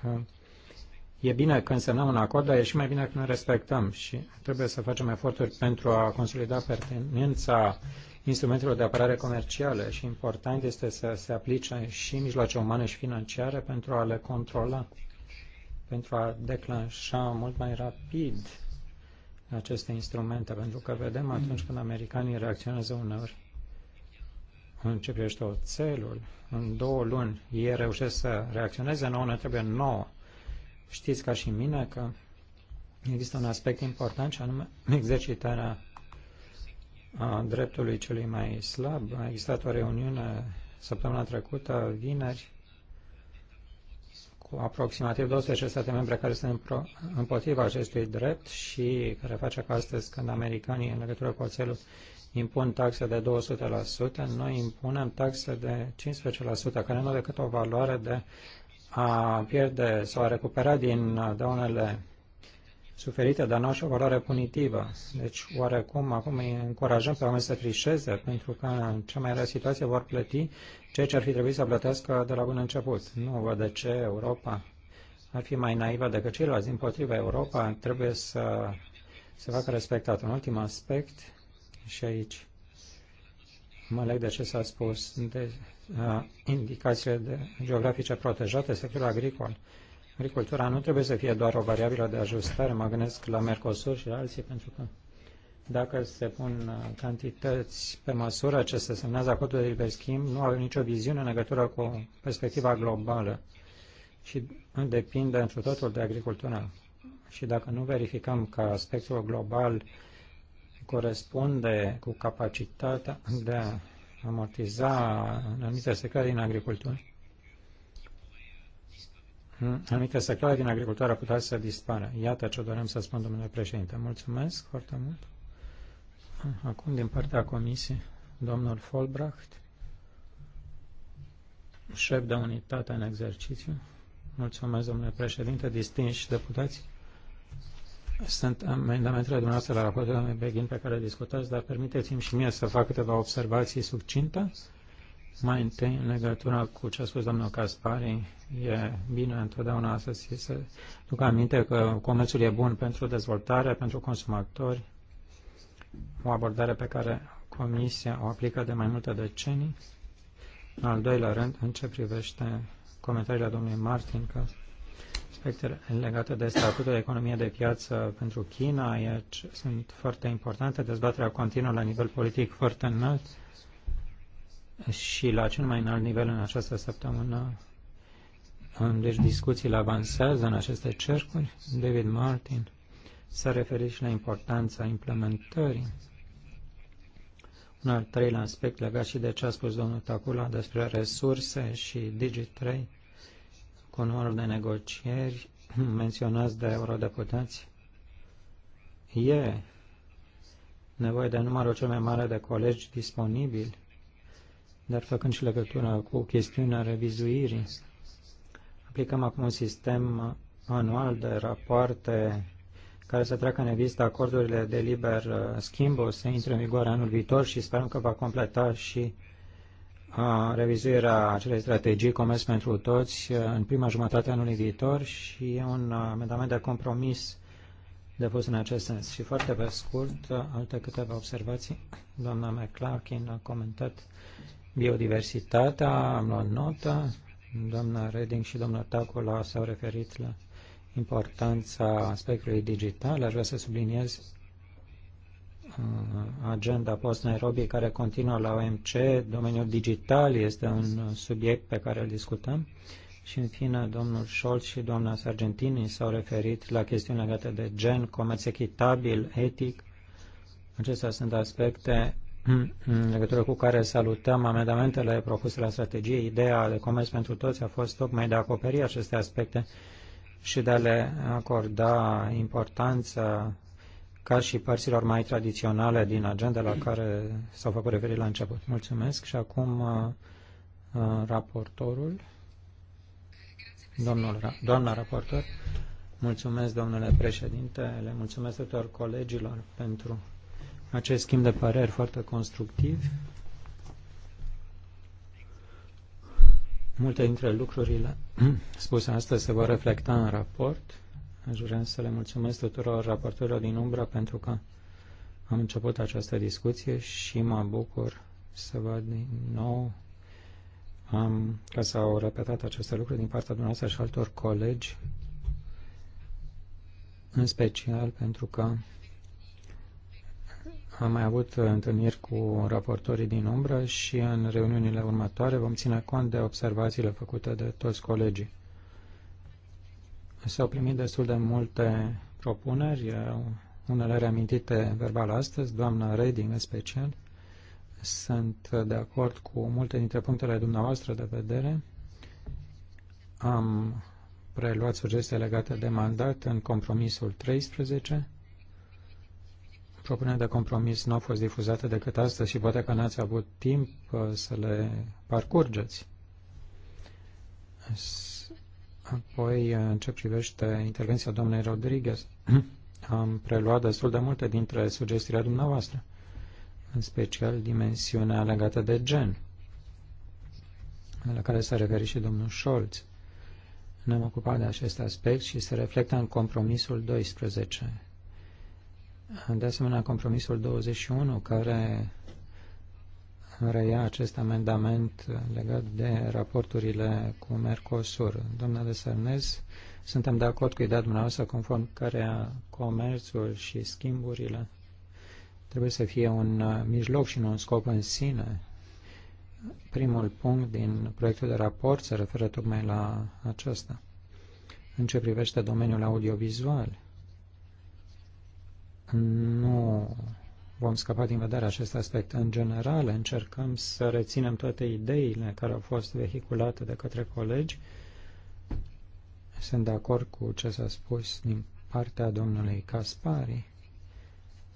Speaker 1: eh, e bine că însemnăm un acord, dar e și mai bine când respectăm și trebuie să facem eforturi pentru a consolida pertinența instrumentelor de apărare comercială și important este să se aplice și mijloace umane și financiare pentru a le controla, pentru a declanșa mult mai rapid aceste instrumente, pentru că vedem atunci când americanii reacționează uneori în ce privește oțelul, în două luni ei reușesc să reacționeze, nouă ne trebuie nouă. Știți ca și mine că există un aspect important și anume exercitarea a dreptului celui mai slab. A existat o reuniune săptămâna trecută, vineri, cu aproximativ 200 de membre care sunt împotriva acestui drept și care face ca astăzi când americanii în legătură cu oțelul impun taxe de 200%, noi impunem taxe de 15%, care nu decât o valoare de a pierde sau a recupera din uh, daunele suferite, dar n-au o valoare punitivă. Deci, oarecum, acum îi încurajăm pe oameni să trișeze, pentru că în cea mai rea situație vor plăti ceea ce ar fi trebuit să plătească de la bun început. Nu văd de ce Europa ar fi mai naivă decât ceilalți. Din potriva, Europa trebuie să se facă respectat. Un ultim aspect și aici mă leg de ce s-a spus, de uh, indicațiile de geografice protejate, sectorul agricol. Agricultura nu trebuie să fie doar o variabilă de ajustare, mă gândesc la Mercosur și la alții, pentru că dacă se pun uh, cantități pe măsură ce se semnează acordul de liber schimb, nu avem nicio viziune în legătură cu perspectiva globală și depinde întru totul de agricultură. Și dacă nu verificăm că aspectul global corespunde cu capacitatea de a amortiza anumite secări din agricultură, Mm-hmm. anumite sectoare din agricultură putea să dispară. Iată ce dorem să spun, domnule președinte. Mulțumesc foarte mult. Ah, acum, din partea comisiei, domnul Folbracht, șef de unitate în exercițiu. Mulțumesc, domnule președinte, distinși deputați. Sunt amendamentele dumneavoastră la raportul domnului Beghin pe care le discutați, dar permiteți-mi și mie să fac câteva observații succinte mai întâi, în legătură cu ce a spus domnul Caspari, e bine întotdeauna să se ducă aminte că comerțul e bun pentru dezvoltare, pentru consumatori, o abordare pe care Comisia o aplică de mai multe decenii. În al doilea rând, în ce privește comentariile domnului Martin, că aspectele legate de statutul de economie de piață pentru China aici sunt foarte importante, dezbaterea continuă la nivel politic foarte înalt și la cel mai înalt nivel în această săptămână. Deci discuțiile avansează în aceste cercuri. David Martin s-a referit și la importanța implementării. Un al treilea aspect legat și de ce a spus domnul Tacula despre resurse și Digi3 cu numărul de negocieri menționați de eurodeputați. E nevoie de numărul cel mai mare de colegi disponibili dar făcând și legătura cu chestiunea revizuirii. Aplicăm acum un sistem anual de rapoarte care să treacă în revistă acordurile de liber uh, schimb, o să intre în vigoare anul viitor și sperăm că va completa și a, uh, revizuirea acelei strategii Comerț pentru Toți uh, în prima jumătate a anului viitor și e un amendament de compromis depus în acest sens. Și foarte pe scurt, alte câteva observații. Doamna McClarkin a comentat biodiversitatea, am luat notă, doamna Reding și domnul Tacula s-au referit la importanța aspectului digital. Aș vrea să subliniez uh, agenda post-Nairobi care continuă la OMC. Domeniul digital este un subiect pe care îl discutăm. Și în fine, domnul Scholz și doamna Sargentini s-au referit la chestiuni legate de gen, comerț echitabil, etic. Acestea sunt aspecte în legătură cu care salutăm amendamentele propuse la strategie. Ideea de comerț pentru toți a fost tocmai de a acoperi aceste aspecte și de a le acorda importanță ca și părților mai tradiționale din agenda la care s-au făcut referire la început. Mulțumesc și acum uh, uh, raportorul, domnul, doamna raportor, mulțumesc domnule președinte, le mulțumesc tuturor colegilor pentru acest schimb de păreri foarte constructiv. Multe dintre lucrurile spuse astăzi se vor reflecta în raport. Aș vrea să le mulțumesc tuturor raportorilor din umbra pentru că am început această discuție și mă bucur să văd din nou am, că s-au repetat aceste lucruri din partea dumneavoastră și altor colegi, în special pentru că am mai avut uh, întâlniri cu raportorii din umbră și în reuniunile următoare vom ține cont de observațiile făcute de toți colegii. S-au primit destul de multe propuneri, uh, unele reamintite verbal astăzi, doamna Reding în special. Sunt uh, de acord cu multe dintre punctele dumneavoastră de vedere. Am preluat sugestii legate de mandat în compromisul 13 Propunerea de compromis nu a fost difuzată decât astăzi și poate că n-ați avut timp uh, să le parcurgeți. Apoi, uh, în ce privește intervenția domnului Rodriguez, am preluat destul de multe dintre sugestiile dumneavoastră, în special dimensiunea legată de gen, la care s-a referit și domnul Scholz. Ne-am ocupat de acest aspect și se reflectă în compromisul 12 de asemenea, compromisul 21, care reia acest amendament legat de raporturile cu Mercosur. Doamna de suntem de acord cu ideea dumneavoastră conform care comerțul și schimburile trebuie să fie un uh, mijloc și nu un scop în sine. Primul punct din proiectul de raport se referă tocmai la aceasta. În ce privește domeniul audiovizual, nu vom scăpa din vedere acest aspect. În general, încercăm să reținem toate ideile care au fost vehiculate de către colegi. Sunt de acord cu ce s-a spus din partea domnului Caspari.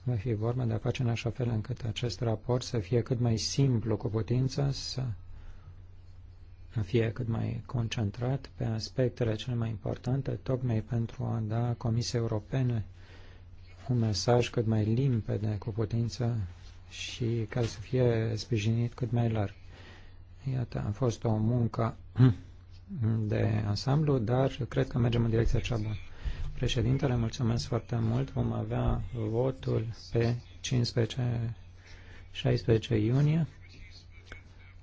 Speaker 1: Va fi vorba de a face în așa fel încât acest raport să fie cât mai simplu cu putință, să fie cât mai concentrat pe aspectele cele mai importante, tocmai pentru a da Comisiei Europene un mesaj cât mai limpede, cu putință și ca să fie sprijinit cât mai larg. Iată, a fost o muncă de ansamblu, dar cred că mergem în direcția cea bună. Președintele, mulțumesc foarte mult. Vom avea votul pe 15-16 iunie.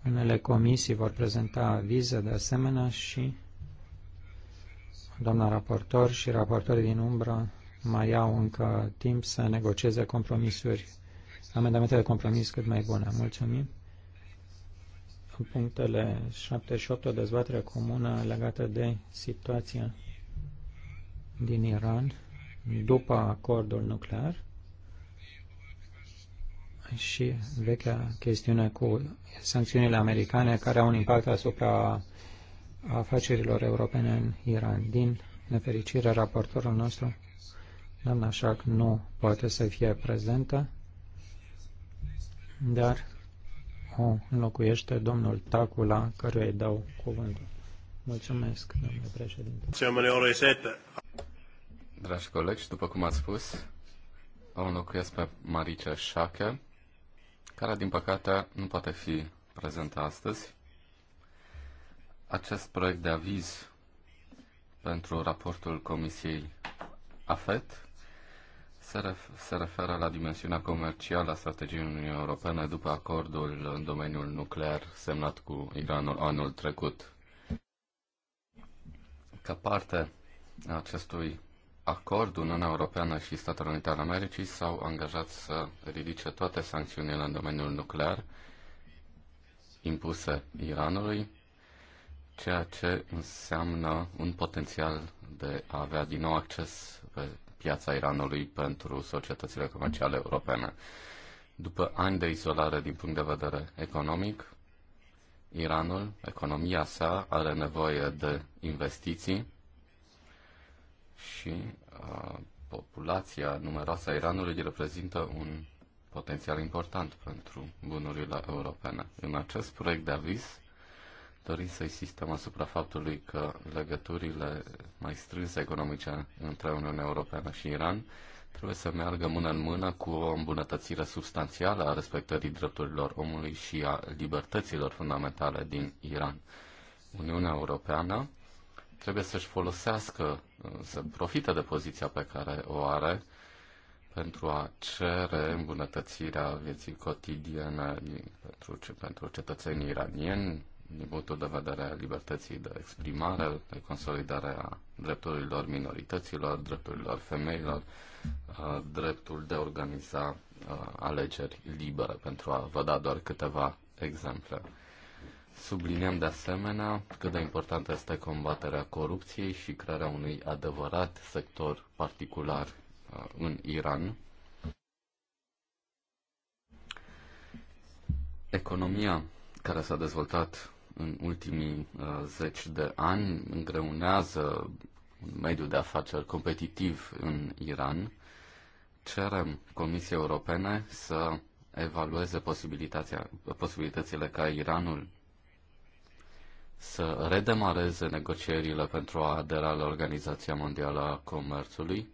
Speaker 1: Unele comisii vor prezenta vize de asemenea și doamna raportor și raportorii din umbră mai au încă timp să negocieze compromisuri, amendamente de compromis cât mai bune. Mulțumim. Punctele 7 și 8, o dezbatere comună legată de situația din Iran după acordul nuclear și vechea chestiune cu sancțiunile americane care au un impact asupra afacerilor europene în Iran. Din nefericire, raportorul nostru Doamna Șac nu poate să fie prezentă, dar o înlocuiește domnul Tacula, căruia îi dau cuvântul. Mulțumesc, domnule
Speaker 2: președinte. Dragi colegi, după cum ați spus, o înlocuiesc pe Marice Șache, care, din păcate, nu poate fi prezentă astăzi. Acest proiect de aviz pentru raportul Comisiei AFET se, ref- se referă la dimensiunea comercială a strategiei Uniunii Europene după acordul în domeniul nuclear semnat cu Iranul anul trecut. Ca parte a acestui acord, Uniunea Europeană și Statele Unite ale Americii s-au angajat să ridice toate sancțiunile în domeniul nuclear impuse Iranului, ceea ce înseamnă un potențial de a avea din nou acces pe piața Iranului pentru societățile comerciale europene. După ani de izolare din punct de vedere economic, Iranul, economia sa, are nevoie de investiții și a, uh, populația numeroasă a Iranului reprezintă un potențial important pentru bunurile europene. În acest proiect de avis, dorim să insistăm asupra faptului că legăturile mai strânse economice între Uniunea Europeană și Iran trebuie să meargă mână în mână cu o îmbunătățire substanțială a respectării drepturilor omului și a libertăților fundamentale din Iran. Uniunea Europeană trebuie să-și folosească, să profite de poziția pe care o are pentru a cere îmbunătățirea vieții cotidiene pentru, pentru cetățenii iranieni, din punctul de vedere a libertății de exprimare, de consolidarea drepturilor minorităților, drepturilor femeilor, dreptul de a organiza alegeri libere, pentru a vă da doar câteva exemple. Subliniem de asemenea cât de importantă este combaterea corupției și crearea unui adevărat sector particular în Iran. Economia care s-a dezvoltat în ultimii uh, zeci de ani îngreunează un mediu de afaceri competitiv în Iran. Cerem Comisiei Europene să evalueze posibilitățile ca Iranul să redemareze negocierile pentru a adera la Organizația Mondială a Comerțului,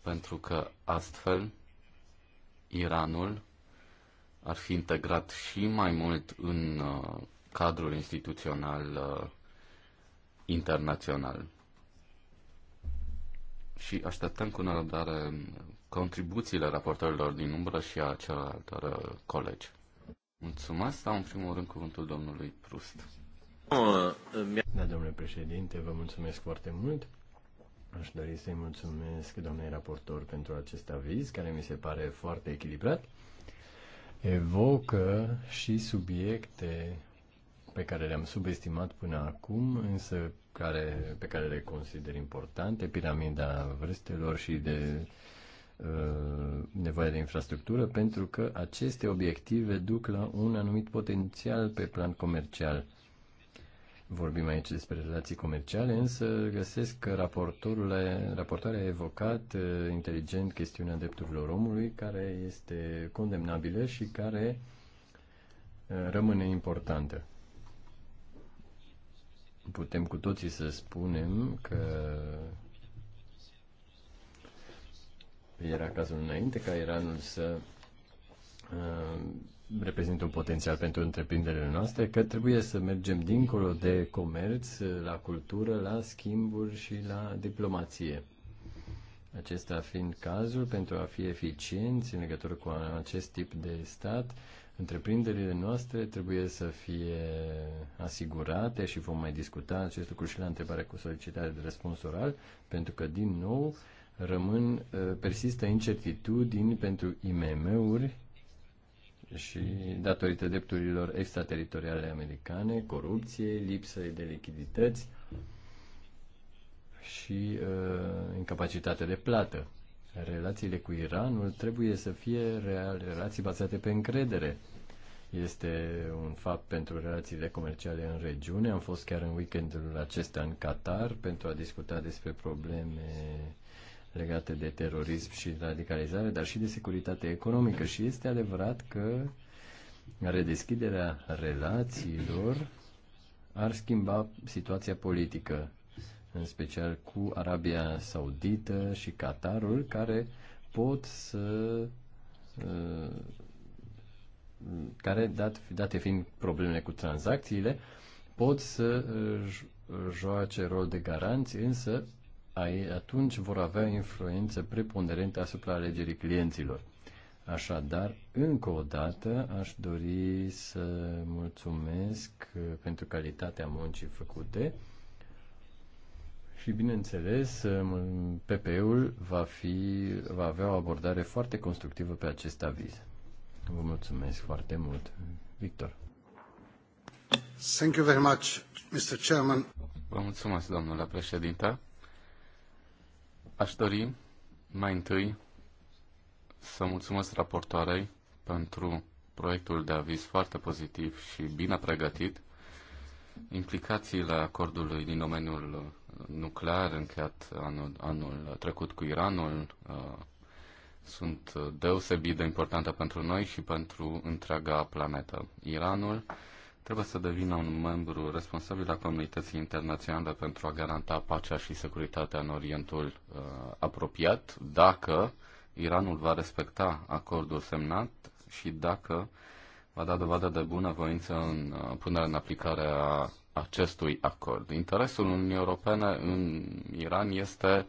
Speaker 2: pentru că astfel Iranul ar fi integrat și mai mult în uh, cadrul instituțional uh, internațional. Și așteptăm cu nerăbdare contribuțiile raportorilor din umbră și a celor uh, colegi. Mulțumesc, dau în primul rând cuvântul domnului Prust. Uh,
Speaker 3: uh, da, domnule președinte, vă mulțumesc foarte mult. Aș dori să-i mulțumesc domnului raportor pentru acest aviz, care mi se pare foarte echilibrat. Evocă și subiecte pe care le-am subestimat până acum, însă care, pe care le consider importante, piramida vârstelor și de uh, nevoia de infrastructură, pentru că aceste obiective duc la un anumit potențial pe plan comercial. Vorbim aici despre relații comerciale, însă găsesc că raportorul a, raportoarea a evocat uh, inteligent chestiunea drepturilor omului, care este condemnabilă și care uh, rămâne importantă putem cu toții să spunem că era cazul înainte ca Iranul să uh, reprezintă un potențial pentru întreprinderile noastre, că trebuie să mergem dincolo de comerț, la cultură, la schimburi și la diplomație. Acesta fiind cazul, pentru a fi eficienți în legătură cu acest tip de stat, întreprinderile noastre trebuie să fie asigurate și vom mai discuta acest lucru și la întrebarea cu solicitare de răspuns oral, pentru că, din nou, rămân, uh, persistă incertitudini pentru IMM-uri și datorită drepturilor extrateritoriale americane, corupție, lipsă de lichidități, și uh, incapacitatea de plată. Relațiile cu Iranul trebuie să fie real, relații bazate pe încredere. Este un fapt pentru relațiile comerciale în regiune. Am fost chiar în weekendul acesta în Qatar pentru a discuta despre probleme legate de terorism și radicalizare, dar și de securitate economică. Și este adevărat că redeschiderea relațiilor ar schimba situația politică în special cu Arabia Saudită și Qatarul, care pot să uh, care, dat, date fiind problemele cu tranzacțiile, pot să uh, joace rol de garanți, însă atunci vor avea influență preponderentă asupra alegerii clienților. Așadar, încă o dată aș dori să mulțumesc uh, pentru calitatea muncii făcute și bineînțeles, pp um, ul va, fi, va avea o abordare foarte constructivă pe acest aviz. Vă mulțumesc foarte mult,
Speaker 2: Victor.
Speaker 1: Thank you very much, Mr. Chairman.
Speaker 2: Vă mulțumesc, domnule președinte. Aș dori mai întâi să mulțumesc raportoarei pentru proiectul de aviz foarte pozitiv și bine pregătit implicațiile acordului din domeniul nuclear încheiat anul, anul trecut cu Iranul uh, sunt deosebit de importante pentru noi și pentru întreaga planetă. Iranul trebuie să devină un membru responsabil la comunității internaționale pentru a garanta pacea și securitatea în Orientul uh, apropiat, dacă Iranul va respecta acordul semnat și dacă uh, va da dovadă de voință în uh, punerea în aplicare a acestui acord. Interesul Uniunii Europene în Iran este,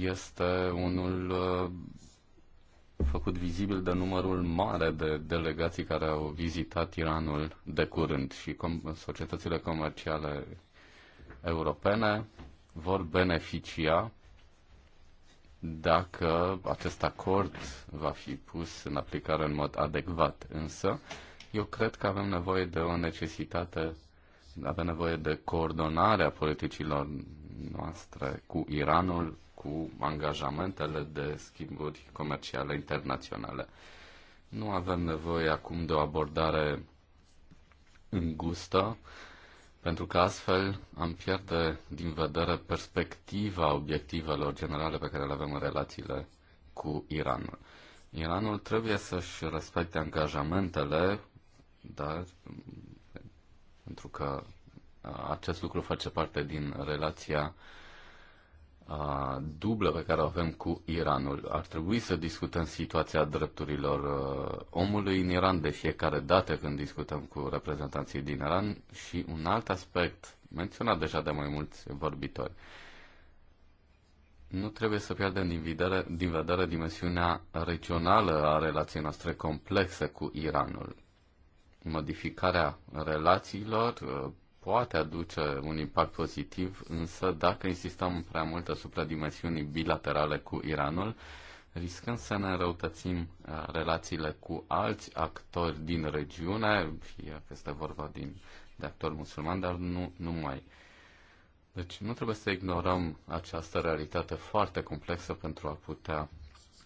Speaker 2: este unul uh, făcut vizibil de numărul mare de delegații care au vizitat Iranul de curând și com- societățile comerciale europene vor beneficia dacă acest acord va fi pus în aplicare în mod adecvat. Însă, eu cred că avem nevoie de o necesitate, avem nevoie de coordonare a politicilor noastre cu Iranul, cu angajamentele de schimburi comerciale internaționale. Nu avem nevoie acum de o abordare îngustă, pentru că astfel am pierde din vedere perspectiva obiectivelor generale pe care le avem în relațiile cu Iranul. Iranul trebuie să-și respecte angajamentele, dar pentru că acest lucru face parte din relația dublă pe care o avem cu Iranul. Ar trebui să discutăm situația drepturilor uh, omului în Iran de fiecare dată când discutăm cu reprezentanții din Iran și un alt aspect menționat deja de mai mulți vorbitori. Nu trebuie să pierdem din vedere, din vedere dimensiunea regională a relației noastre complexe cu Iranul. Modificarea relațiilor uh, poate aduce un impact pozitiv, însă dacă insistăm prea mult asupra dimensiunii bilaterale cu Iranul, riscăm să ne înrăutățim uh, relațiile cu alți actori din regiune, fie că este vorba din, de actori musulmani, dar nu numai. Deci nu trebuie să ignorăm această realitate foarte complexă pentru a putea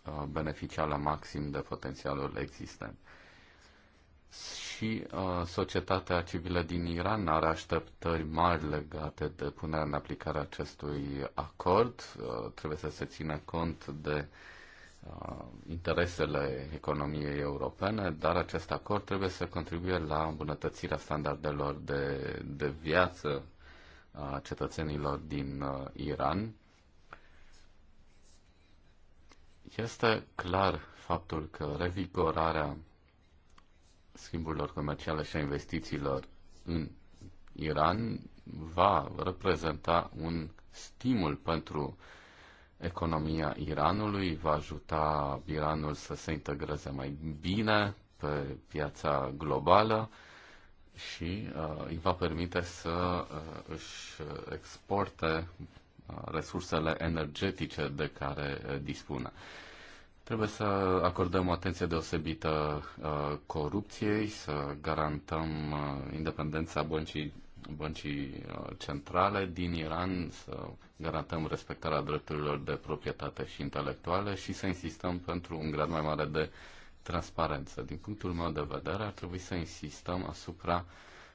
Speaker 2: uh, beneficia la maxim de potențialul existent și uh, societatea civilă din Iran are așteptări mari legate de punerea în aplicare a acestui acord. Uh, trebuie să se țină cont de uh, interesele economiei europene, dar acest acord trebuie să contribuie la îmbunătățirea standardelor de, de viață a cetățenilor din uh, Iran. Este clar faptul că revigorarea schimburilor comerciale și a investițiilor în Iran va reprezenta un stimul pentru economia Iranului, va ajuta Iranul să se integreze mai bine pe piața globală și uh, îi va permite să uh, își exporte uh, resursele energetice de care dispune. Uh, Trebuie să acordăm o atenție deosebită uh, corupției, să garantăm uh, independența băncii, băncii uh, centrale din Iran, să garantăm respectarea drepturilor de proprietate și intelectuale și să insistăm pentru un grad mai mare de transparență. Din punctul meu de vedere, ar trebui să insistăm asupra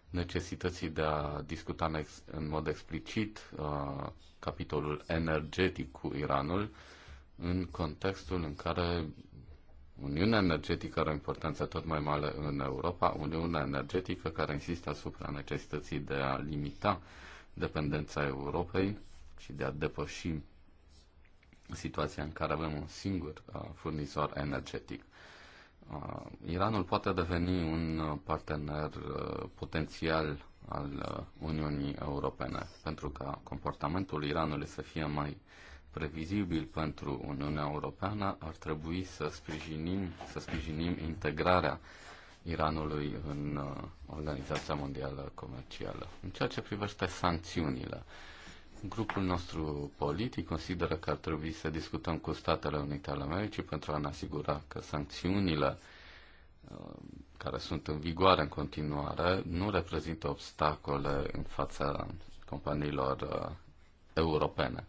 Speaker 2: necesității de a discuta în, mod explicit capitolul energetic cu Iranul, în contextul în care Uniunea energetică are o importanță tot mai mare în Europa, Uniunea energetică care insistă asupra necesității de a limita dependența Europei și de a depăși situația în care avem un singur uh, furnizor energetic. Uh, Iranul poate deveni un partener uh, potențial al Uniunii Europene pentru ca comportamentul Iranului să fie mai uh, previzibil pentru Uniunea Europeană, ar trebui să sprijinim, să sprijinim integrarea Iranului în uh, Organizația Mondială Comercială. În ceea ce privește sancțiunile, grupul nostru politic consideră că ar trebui să discutăm cu Statele Unite ale Americii pentru a ne asigura că sancțiunile uh, care sunt în vigoare în continuare nu reprezintă obstacole în fața companiilor uh, europene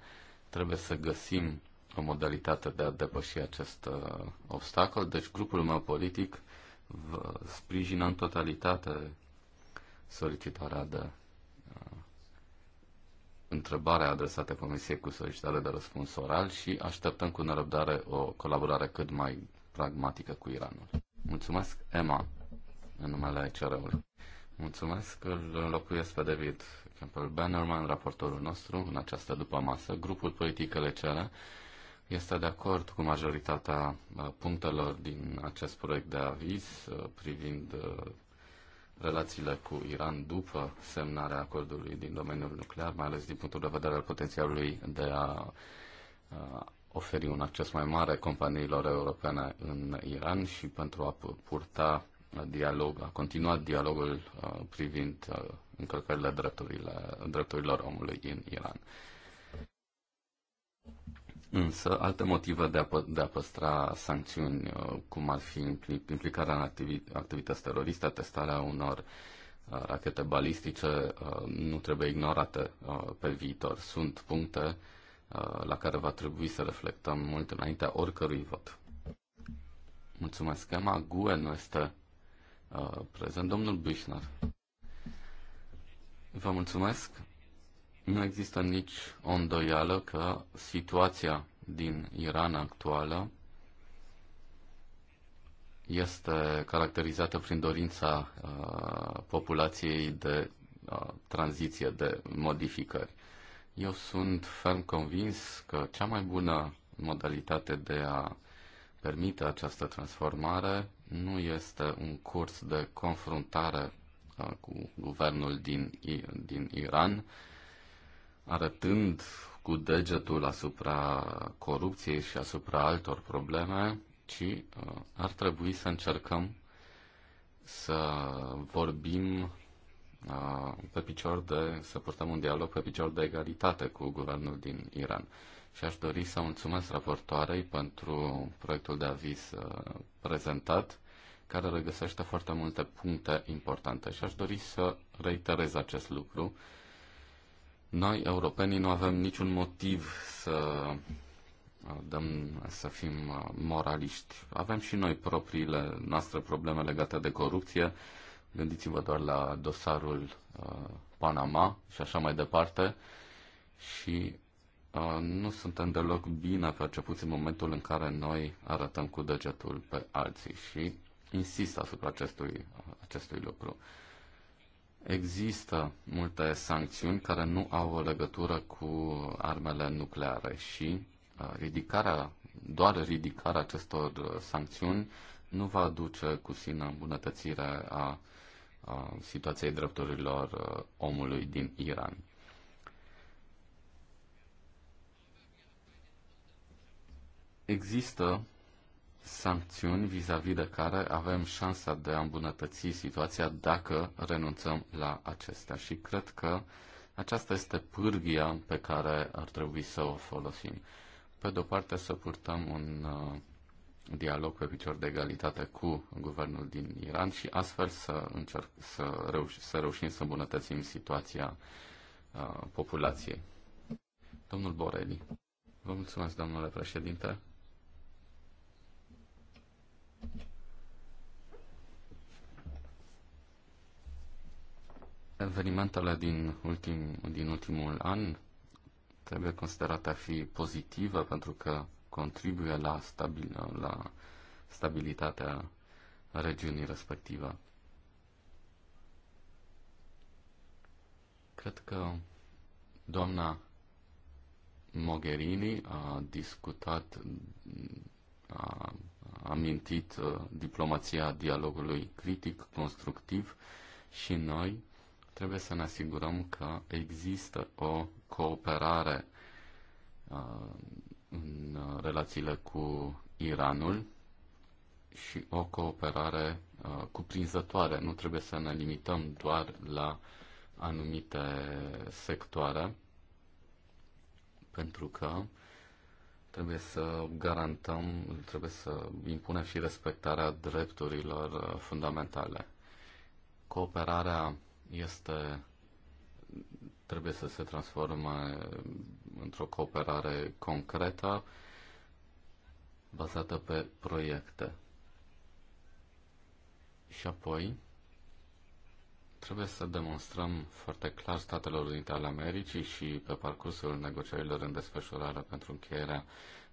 Speaker 2: trebuie să găsim o modalitate de a depăși acest uh, obstacol. Deci grupul meu politic vă sprijină în totalitate solicitarea de uh, întrebare adresată Comisiei cu solicitare de răspuns oral și așteptăm cu nerăbdare o colaborare cât mai pragmatică cu Iranul. Mulțumesc, Emma, în numele CR-ului. Mulțumesc, îl înlocuiesc pe David Campbell Bannerman, raportorul nostru, în această după masă, grupul politic cere, este de acord cu majoritatea uh, punctelor din acest proiect de aviz uh, privind uh, relațiile cu Iran după semnarea acordului din domeniul nuclear, mai ales din punctul de vedere al potențialului de a oferi un acces mai mare companiilor europene în Iran și pentru a purta dialog, a continua dialogul privind încălcările drepturilor omului în Iran. Însă, alte motive de a, pă- de a păstra sancțiuni, uh, cum ar fi implicarea în activi- activități teroriste, testarea unor uh, rachete balistice, uh, nu trebuie ignorate pe viitor. Sunt puncte la care va trebui să reflectăm mult înaintea oricărui vot. Mulțumesc. Emma Guen nu este prezent. Domnul Büchner. Vă mulțumesc. Nu există nici o îndoială că situația din Iran actuală este caracterizată prin dorința uh, populației de uh, tranziție, de modificări. Eu sunt ferm convins că cea mai bună modalitate de a permite această transformare nu este un curs de confruntare da, cu guvernul din, din Iran, arătând cu degetul asupra corupției și asupra altor probleme, ci uh, ar trebui să încercăm să vorbim uh, pe picior de, să purtăm un dialog pe picior de egalitate cu guvernul din Iran. Și aș dori să mulțumesc raportoarei pentru proiectul de aviz uh, prezentat care regăsește foarte multe puncte importante și aș dori să reiterez acest lucru. Noi, europenii, nu avem niciun motiv să uh, dăm, să fim uh, moraliști. Avem și noi propriile noastre probleme legate de corupție. Gândiți-vă doar la dosarul uh, Panama și așa mai departe. Și nu suntem deloc bine percepuți în momentul în care noi arătăm cu degetul pe alții și insist asupra acestui, acestui lucru. Există multe sancțiuni care nu au o legătură cu armele nucleare și uh, ridicarea, doar ridicarea acestor uh, sancțiuni nu va aduce cu sine îmbunătățirea a, a situației drepturilor uh, omului din Iran. Există sancțiuni vis-a-vis -vis de care avem șansa de a îmbunătăți situația dacă renunțăm la acestea. Și cred că aceasta este pârghia pe care ar trebui să o folosim. Pe de-o parte să purtăm un uh, dialog pe picior de egalitate cu guvernul din Iran și astfel să, încerc, să, reuș- să reușim să îmbunătățim situația uh, populației. Domnul Borelli. Vă mulțumesc, domnule președinte. Evenimentele din, ultim, din ultimul an trebuie considerate a fi pozitive pentru că contribuie la, stabil, la stabilitatea regiunii respective. Cred că doamna Mogherini a discutat, a amintit uh, diplomația dialogului critic, constructiv și noi trebuie să ne asigurăm că există o cooperare uh, în relațiile cu Iranul și o cooperare uh, cuprinzătoare. Nu trebuie să ne limităm doar la anumite sectoare, pentru că trebuie să garantăm, trebuie să impunem și respectarea drepturilor uh, fundamentale. Cooperarea este trebuie să se transforme într-o cooperare concretă bazată pe proiecte. Și apoi trebuie să demonstrăm foarte clar Statelor Unite ale Americii și pe parcursul negocierilor în desfășurare pentru încheierea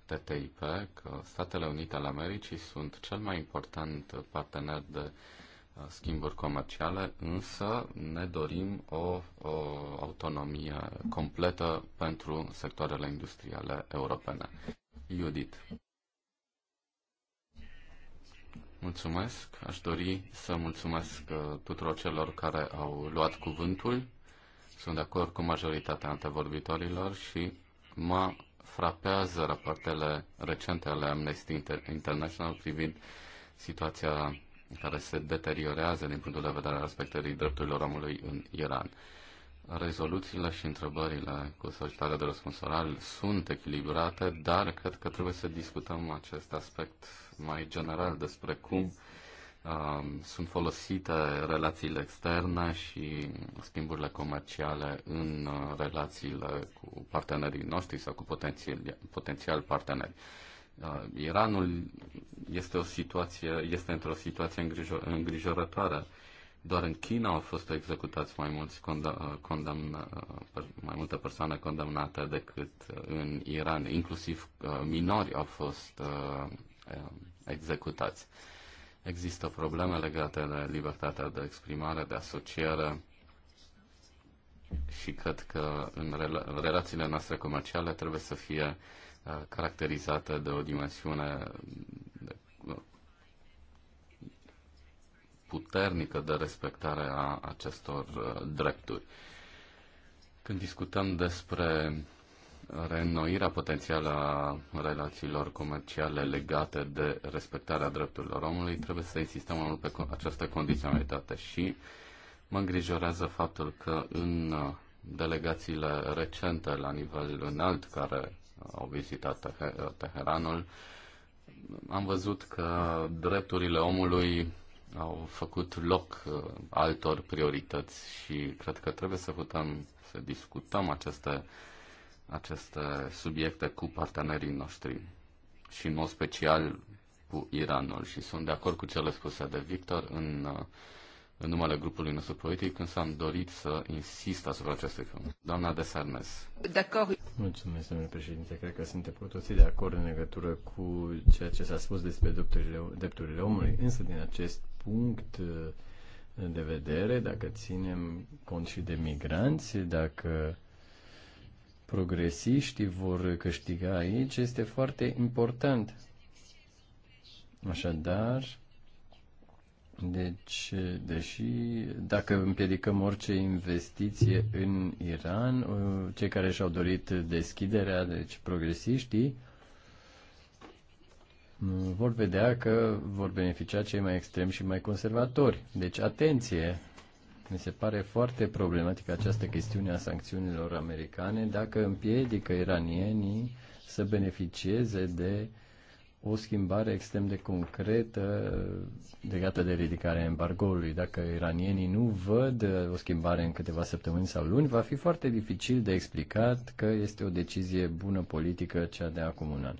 Speaker 2: TTIP că Statele Unite ale Americii sunt cel mai important partener de uh, Uh, schimburi comerciale, însă ne dorim o, o autonomie completă pentru sectoarele industriale europene. Judith. Mulțumesc. Aș dori să mulțumesc uh, tuturor celor care au luat cuvântul. Sunt de acord cu majoritatea antevorbitorilor și mă frapează rapoartele recente ale Amnesty International privind situația care se deteriorează din punctul de vedere al respectării drepturilor omului în Iran. Rezoluțiile și întrebările cu solicitarea de răspuns oral sunt echilibrate, dar cred că trebuie să discutăm acest aspect mai general despre cum uh, sunt folosite relațiile externe și schimburile comerciale în uh, relațiile cu partenerii noștri sau cu potențial, potențial parteneri. Da, Iranul este, o situație, este într-o situație îngrijo- îngrijorătoare. Doar în China au fost executați mai, mulți condam, mai multe persoane condamnate decât în Iran, inclusiv uh, minori au fost uh, executați. Există probleme legate de libertatea de exprimare, de asociere și cred că în rela- relațiile noastre comerciale trebuie să fie uh, Uh, caracterizată de o dimensiune uh, puternică de respectare a acestor uh, drepturi. Când discutăm despre reînnoirea potențială a relațiilor comerciale legate de respectarea drepturilor omului, trebuie să insistăm mai mult pe această condiționalitate și mă îngrijorează faptul că în delegațiile recente la nivel înalt care au vizitat Teheranul, am văzut că drepturile omului au făcut loc uh, altor priorități și cred că trebuie să putem să discutăm aceste, aceste subiecte cu partenerii noștri și în mod special cu Iranul. Și sunt de acord cu cele spuse de Victor în uh, în numele grupului nostru politic, însă am dorit să insist asupra acestui film. Doamna de Sarnes.
Speaker 3: Mulțumesc, domnule președinte. Cred că suntem cu toții de acord în legătură cu ceea ce s-a spus despre drepturile, drepturile omului, însă din acest punct uh, de vedere, dacă ținem cont și de migranți, dacă progresiștii vor câștiga aici, este foarte important. Așadar, deci, deși dacă împiedicăm orice investiție în Iran, uh, cei care și-au dorit deschiderea, deci progresiștii, uh, vor vedea că vor beneficia cei mai extremi și mai conservatori. Deci, atenție! Mi se pare foarte problematică această chestiune a sancțiunilor americane dacă împiedică iranienii să beneficieze de uh, o schimbare extrem de concretă legată de ridicarea embargoului. Dacă iranienii nu văd o schimbare în câteva săptămâni sau luni, va fi foarte dificil de explicat că este o decizie bună politică cea de acum un an.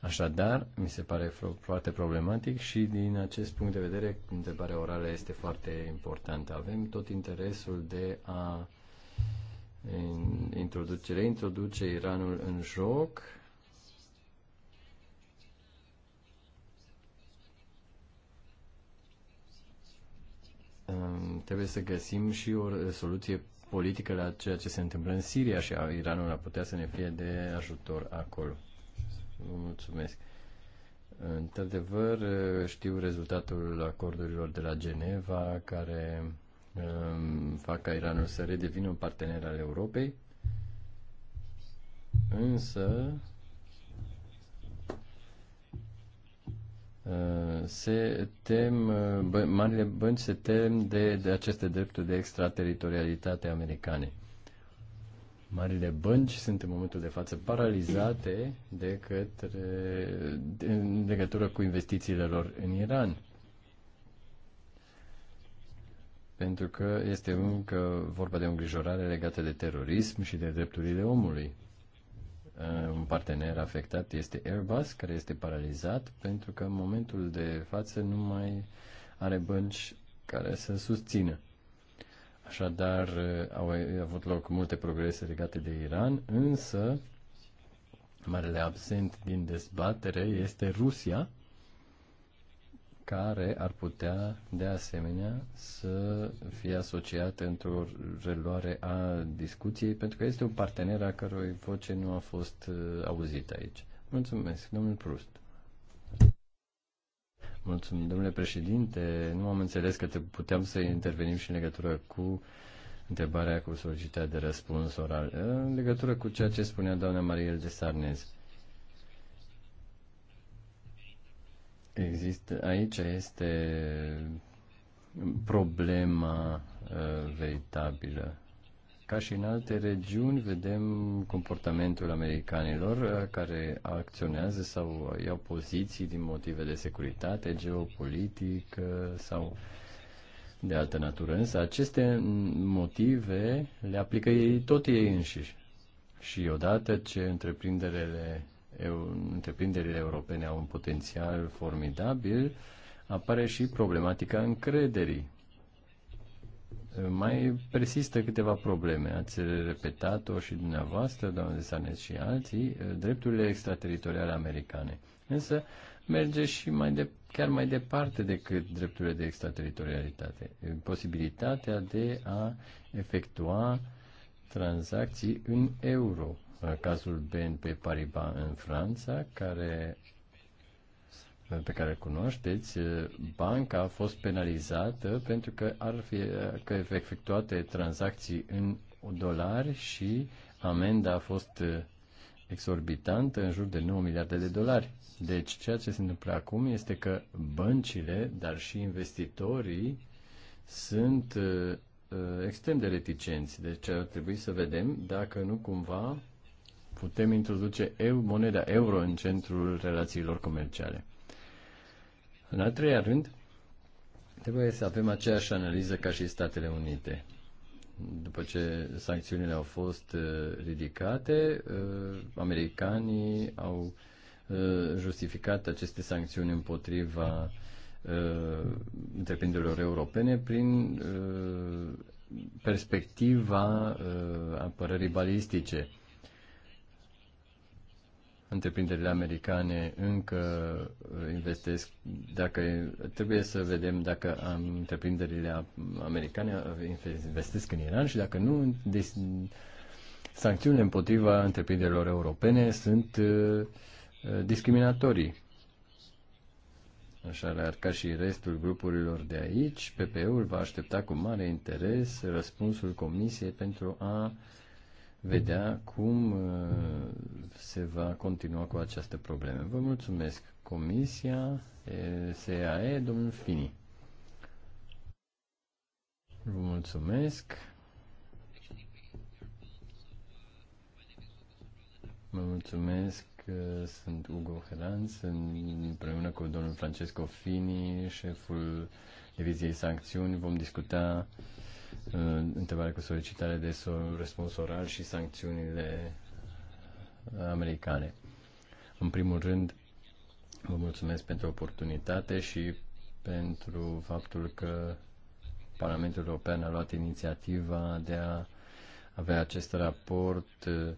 Speaker 3: Așadar, mi se pare foarte problematic și din acest punct de vedere, întrebarea orală este foarte importantă. Avem tot interesul de a introduce, reintroduce Iranul în joc trebuie să găsim și o soluție politică la ceea ce se întâmplă în Siria și Iranul a putea să ne fie de ajutor acolo. Vă mulțumesc. Într-adevăr, știu rezultatul acordurilor de la Geneva care um, fac ca Iranul să redevină un partener al Europei, însă Uh, se tem, uh, bă, marile bănci se tem de, de aceste drepturi de extraterritorialitate americane. Marile bănci sunt în momentul de față paralizate de către, de, în legătură cu investițiile lor în Iran. Pentru că este încă vorba de o îngrijorare legată de terorism și de drepturile omului. Uh, un partener afectat este Airbus, care este paralizat pentru că în momentul de față nu mai are bănci care să susțină. Așadar, uh, au uh, avut loc multe progrese legate de Iran, însă marele absent din dezbatere este Rusia, care ar putea, de asemenea, să fie asociate într-o reluare a discuției, pentru că este un partener a cărui voce nu a fost uh, auzită aici. Mulțumesc, domnul Prust. Mulțumesc, domnule președinte. Nu am înțeles că te puteam să intervenim și în legătură cu întrebarea cu solicitarea de răspuns oral. În legătură cu ceea ce spunea doamna Mariel de Sarnez. Uh, Există, aici este problema uh, veritabilă. Ca și în alte regiuni, vedem comportamentul americanilor uh, care acționează sau iau poziții din motive de securitate, geopolitică sau de altă natură. Însă aceste motive le aplică ei tot ei înșiși. Și odată ce întreprinderele întreprinderile europene au un potențial formidabil, apare și problematica încrederii. Mai persistă câteva probleme. Ați repetat-o și dumneavoastră, doamne Sanes și alții, drepturile extrateritoriale americane. Însă merge și mai de, chiar mai departe decât drepturile de extrateritorialitate. Posibilitatea de a efectua tranzacții în euro Uh, cazul BNP Paribas în Franța, care, uh, pe care îl cunoașteți, uh, banca a fost penalizată pentru că ar fi că efectuate tranzacții în dolari și amenda a fost exorbitantă, în jur de 9 miliarde de dolari. Deci ceea ce se întâmplă acum este că băncile, dar și investitorii sunt extrem de reticenți. Deci ar trebui să vedem dacă nu cumva putem introduce eu, moneda euro în centrul relațiilor comerciale. În al treilea rând, trebuie să avem aceeași analiză ca și Statele Unite. După ce sancțiunile au fost uh, ridicate, uh, americanii au uh, justificat aceste sancțiuni împotriva întreprinderilor europene prin perspectiva apărării balistice întreprinderile americane încă uh, investesc, dacă trebuie să vedem dacă întreprinderile americane uh, investesc în Iran și dacă nu, des, sancțiunile împotriva întreprinderilor europene sunt uh, discriminatorii. Așa ar ca și restul grupurilor de aici, PPE-ul va aștepta cu mare interes răspunsul Comisiei pentru a uh, vedea cum uh, se va continua cu această probleme. Vă mulțumesc. Comisia, SAE, domnul Fini. Vă mulțumesc. Mă mulțumesc, sunt Ugo Heran, sunt împreună cu domnul Francesco Fini, șeful diviziei sancțiuni. Vom discuta întrebare cu solicitare de răspuns oral și sancțiunile uh, americane. În primul rând, vă mulțumesc pentru oportunitate și pentru faptul că Parlamentul European a luat inițiativa de a avea acest raport uh,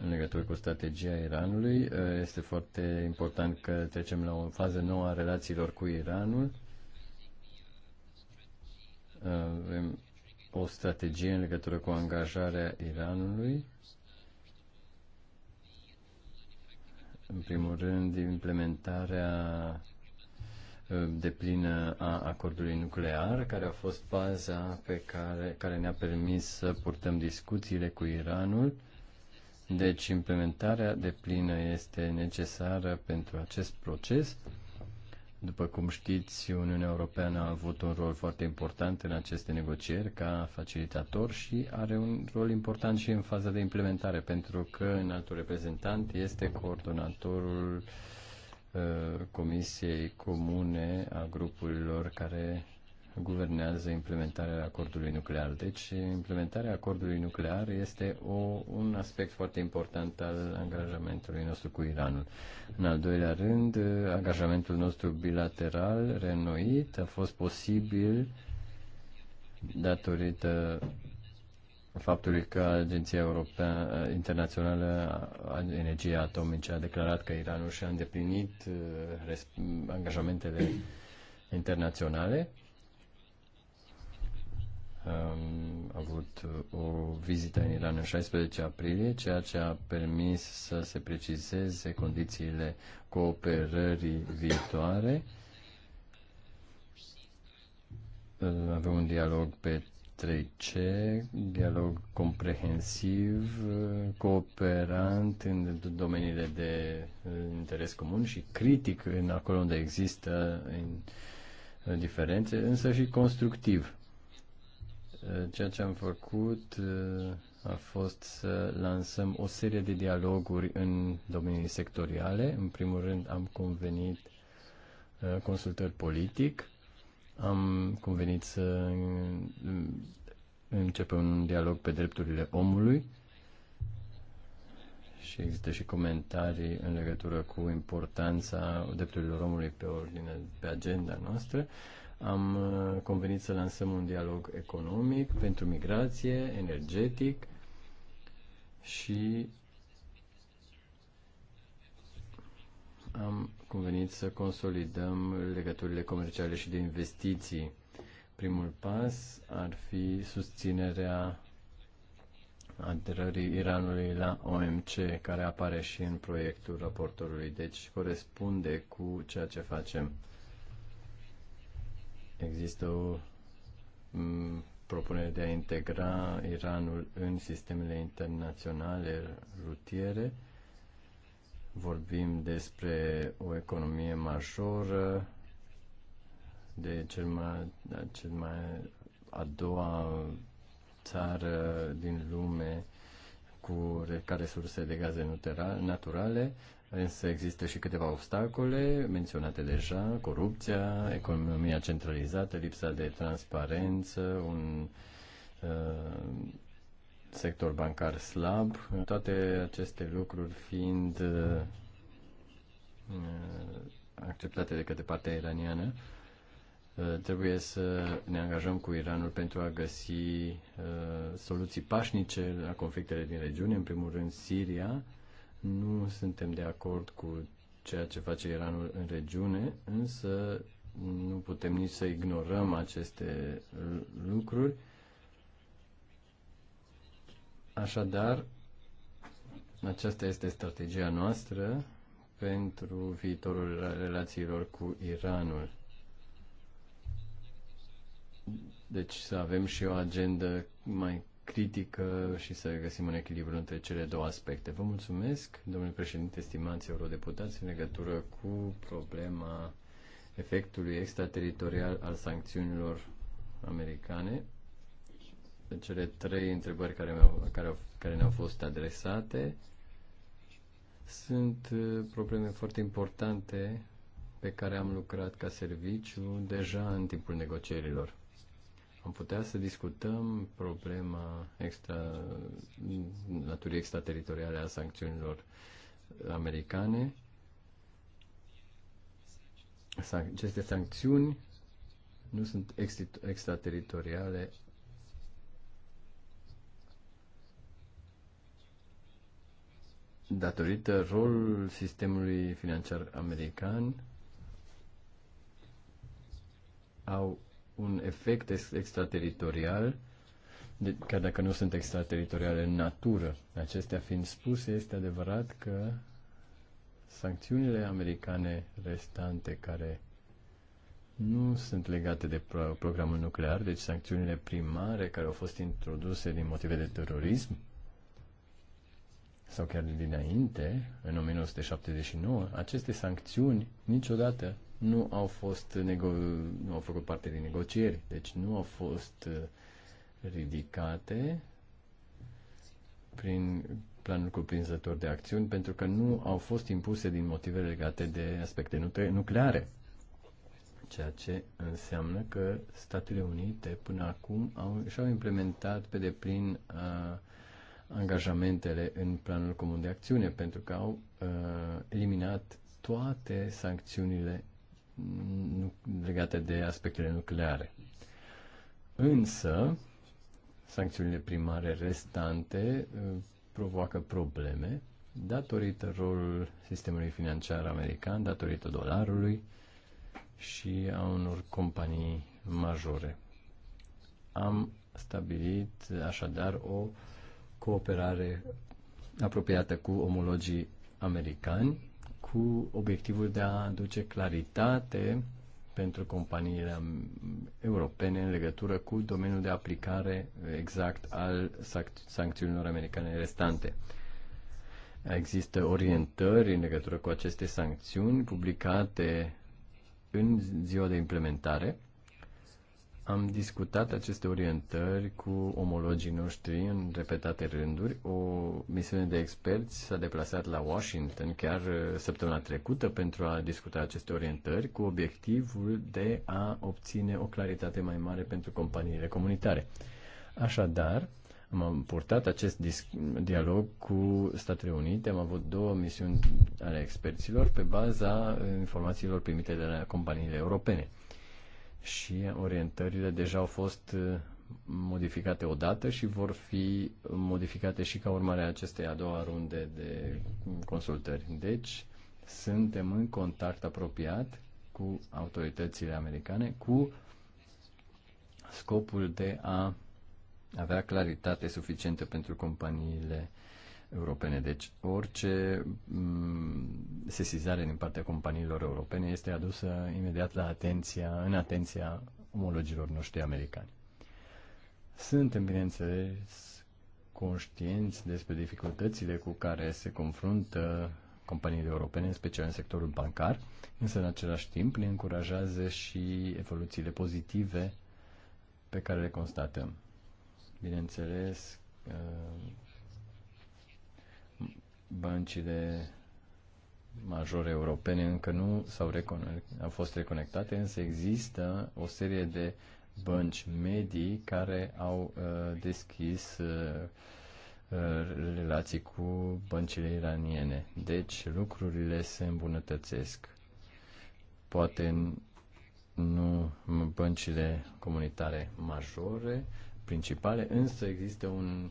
Speaker 3: în legătură cu strategia Iranului. Uh, este foarte important că trecem la o fază nouă a relațiilor cu Iranul o strategie în legătură cu angajarea Iranului. În primul rând, implementarea ă, de plină a acordului nuclear, care a fost baza pe care, care ne-a permis să purtăm discuțiile cu Iranul. Deci implementarea de plină este necesară pentru acest proces. După cum știți, Uniunea Europeană a avut un rol foarte important în aceste negocieri ca facilitator și are un rol important și în faza de implementare, pentru că în altul reprezentant este coordonatorul uh, Comisiei Comune a grupurilor care guvernează implementarea acordului nuclear. Deci, implementarea acordului nuclear este o, un aspect foarte important al angajamentului nostru cu Iranul. În al doilea rând, angajamentul nostru bilateral renoit a fost posibil datorită faptului că Agenția Europeană Internațională a Energiei Atomice a declarat că Iranul și-a îndeplinit eh, angajamentele internaționale um, avut uh, o vizită în Iran în 16 aprilie, ceea ce a permis să se precizeze condițiile cooperării viitoare. Uh, avem un dialog pe 3C, dialog comprehensiv, uh, cooperant în domeniile de interes comun și critic în acolo unde există diferențe, însă și constructiv Eh, ceea ce am făcut eh, a fost să lansăm o serie de dialoguri în domenii sectoriale. În primul rând am convenit eh, consultări politic, am convenit să mm, începem un dialog pe drepturile omului și există și comentarii în legătură cu importanța drepturilor omului pe ordine, pe agenda noastră. Uh, am uh, convenit să lansăm un dialog economic pentru migrație, energetic și am convenit să consolidăm legăturile comerciale și de investiții. Primul pas ar fi susținerea aderării Iranului la OMC, care apare și în proiectul raportorului, deci corespunde cu ceea ce facem. Există o mm, propunere de a integra Iranul în sistemele internaționale rutiere. Vorbim despre o economie majoră, de cel mai, cel mai a doua țară din lume cu, ca resurse de gaze naturale Însă există și câteva obstacole menționate deja, corupția, economia centralizată, lipsa de transparență, un uh, sector bancar slab, toate aceste lucruri fiind uh, uh, acceptate de către partea iraniană, uh, trebuie să ne angajăm cu Iranul pentru a găsi uh, soluții pașnice la conflictele din regiune, în primul rând Siria, nu suntem de acord cu ceea ce face Iranul în regiune, însă nu putem nici să ignorăm aceste lucruri. Așadar, aceasta este strategia noastră pentru viitorul relațiilor cu Iranul. Deci să avem și o agendă mai critică și să găsim un echilibru între cele două aspecte. Vă mulțumesc, domnule președinte, stimați eurodeputați, în legătură cu problema efectului extrateritorial al sancțiunilor americane. De cele trei întrebări care, mi-au, care, care ne-au fost adresate sunt uh, probleme foarte importante pe care am lucrat ca serviciu deja în timpul negocierilor. Am putea să discutăm problema extra, naturii extrateritoriale a sancțiunilor americane. Aceste sancțiuni nu sunt extrateritoriale datorită rolul sistemului financiar american au un efect extrateritorial, chiar dacă nu sunt extrateritoriale în natură. Acestea fiind spuse, este adevărat că sancțiunile americane restante care nu sunt legate de programul nuclear, deci sancțiunile primare care au fost introduse din motive de terorism sau chiar dinainte, în 1979, aceste sancțiuni niciodată nu au fost nego- nu au făcut parte din negocieri, deci nu au fost uh, ridicate prin planul cuprinzător de acțiuni pentru că nu au fost impuse din motive legate de aspecte nucleare, ceea ce înseamnă că Statele Unite până acum au, și-au implementat pe deplin uh, angajamentele în planul comun de acțiune pentru că au uh, eliminat toate sancțiunile legate de aspectele nucleare. Însă, sancțiunile primare restante uh, provoacă probleme datorită rolul sistemului financiar american, datorită dolarului și a unor companii majore. Am stabilit așadar o cooperare apropiată cu omologii americani cu obiectivul de a aduce claritate pentru companiile europene în legătură cu domeniul de aplicare exact al sancțiunilor americane restante. Există orientări în legătură cu aceste sancțiuni publicate în ziua de implementare am discutat aceste orientări cu omologii noștri în repetate rânduri. O misiune de experți s-a deplasat la Washington chiar uh, săptămâna trecută pentru a discuta aceste orientări cu obiectivul de a obține o claritate mai mare pentru companiile comunitare. Așadar, am purtat acest dialog cu Statele Unite, am avut două misiuni ale experților pe baza uh, informațiilor primite de la companiile europene și orientările deja au fost uh, modificate odată și vor fi modificate și ca urmare a acestei a doua runde de consultări. Deci, suntem în contact apropiat cu autoritățile americane cu scopul de a avea claritate suficientă pentru companiile europene. Deci orice mm, sesizare din partea companiilor europene este adusă imediat la atenția, în atenția omologilor noștri americani. Suntem, bineînțeles, conștienți despre dificultățile cu care se confruntă companiile europene, în special în sectorul bancar, însă în același timp ne încurajează și evoluțiile pozitive pe care le constatăm. Bineînțeles, uh, băncile majore europene încă nu s-au au fost reconectate, însă există o serie de bănci medii care au uh, deschis uh, uh relații cu băncile iraniene. Deci lucrurile se îmbunătățesc. Poate nu băncile comunitare majore, principale, însă există un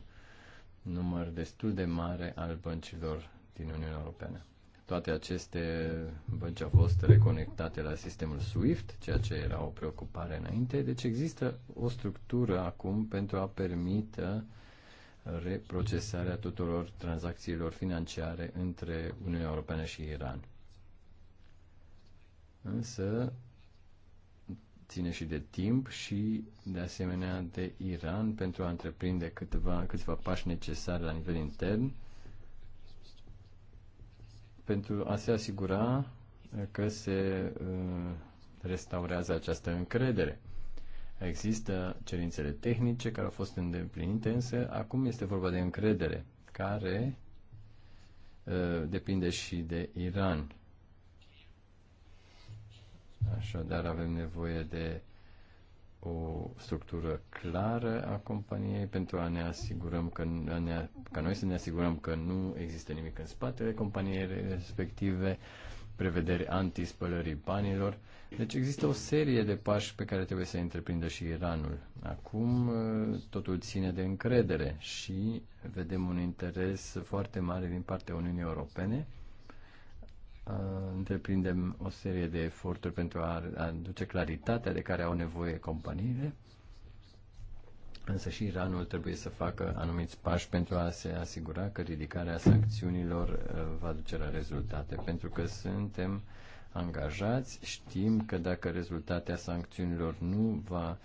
Speaker 3: număr destul de mare al băncilor din Uniunea Europeană. Toate aceste bănci au fost reconectate la sistemul SWIFT, ceea ce era o preocupare înainte, deci există o structură acum pentru a permite reprocesarea tuturor tranzacțiilor financiare între Uniunea Europeană și Iran. Însă ține și de timp și, de asemenea, de Iran pentru a întreprinde câteva, câțiva pași necesari la nivel intern pentru a se asigura că se uh, restaurează această încredere. Există cerințele tehnice care au fost îndeplinite, însă acum este vorba de încredere, care uh, depinde și de Iran. Așadar, avem nevoie de o structură clară a companiei pentru a ne asigurăm că, a ne, ca noi să ne asigurăm că nu există nimic în spatele companiei respective, prevederi antispălării banilor. Deci există o serie de pași pe care trebuie să întreprindă și Iranul. Acum ă, totul ține de încredere și vedem un interes foarte mare din partea Uniunii Europene întreprindem o serie de eforturi pentru a aduce claritatea de care au nevoie companiile, însă și Iranul trebuie să facă anumiți pași pentru a se asigura că ridicarea sancțiunilor va duce la rezultate, pentru că suntem angajați, știm că dacă rezultatea sancțiunilor nu va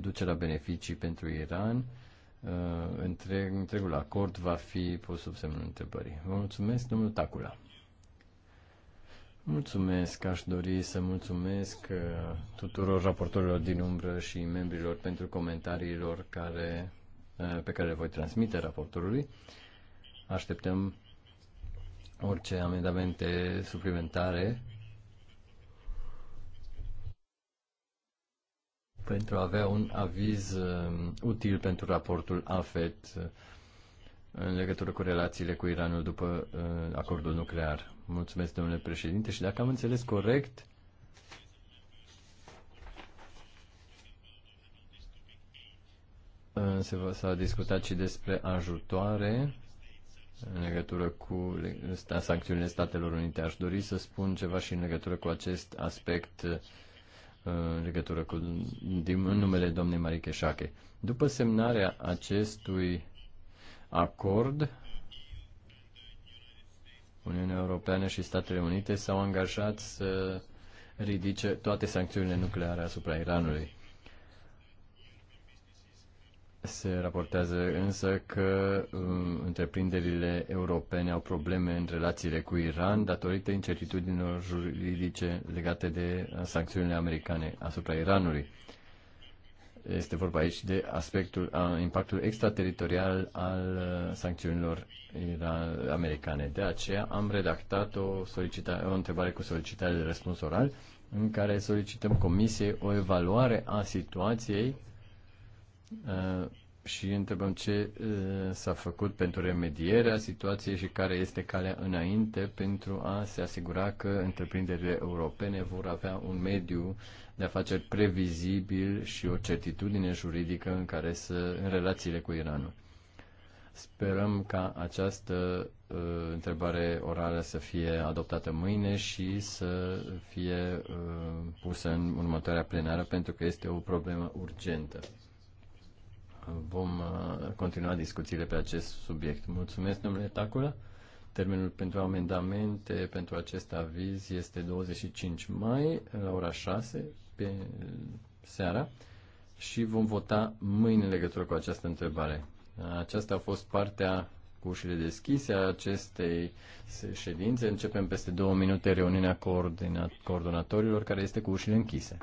Speaker 3: duce la beneficii pentru Iran, întreg, întregul acord va fi pus sub semnul întrebării. Vă mulțumesc, domnul Tacula. Mulțumesc, aș dori să mulțumesc uh, tuturor raportorilor din umbră și membrilor pentru comentariilor care, uh, pe care le voi transmite raportorului. Așteptăm orice amendamente suplimentare pentru a avea un aviz uh, util pentru raportul AFET în legătură cu relațiile cu Iranul după uh, acordul nuclear. Mulțumesc, domnule președinte, și dacă am înțeles corect, uh, s-a discutat și despre ajutoare în legătură cu sancțiunile Statelor Unite. Aș dori să spun ceva și în legătură cu acest aspect uh, în legătură cu din, în numele domnei Marie Cheșache. După semnarea acestui acord, Uniunea Europeană și Statele Unite s-au angajat să ridice toate sancțiunile nucleare asupra Iranului. Se raportează însă că um, întreprinderile europene au probleme în relațiile cu Iran datorită incertitudinilor juridice legate de sancțiunile americane asupra Iranului. Este vorba aici de aspectul, a, impactul extrateritorial al uh, sancțiunilor americane. De aceea am redactat o, solicita, o întrebare cu solicitare de răspuns oral în care solicităm comisiei o evaluare a situației a, uh, și întrebăm ce uh, s-a făcut pentru remedierea situației și care este calea înainte pentru a se asigura că întreprinderile europene vor avea un mediu de afaceri previzibil și o certitudine juridică în care să în relațiile cu Iranul. Sperăm ca această uh, întrebare orală să fie adoptată mâine și să fie uh, pusă în următoarea plenară pentru că este o problemă urgentă. Vom uh, continua discuțiile pe acest subiect. Mulțumesc, domnule Tacula. Termenul pentru amendamente pentru acest aviz este 25 mai la ora 6 pe seara și vom vota mâine în legătură cu această întrebare. Aceasta a fost partea cu ușile deschise a acestei ședințe. Începem peste două minute reuniunea coordonatorilor care este cu ușile închise.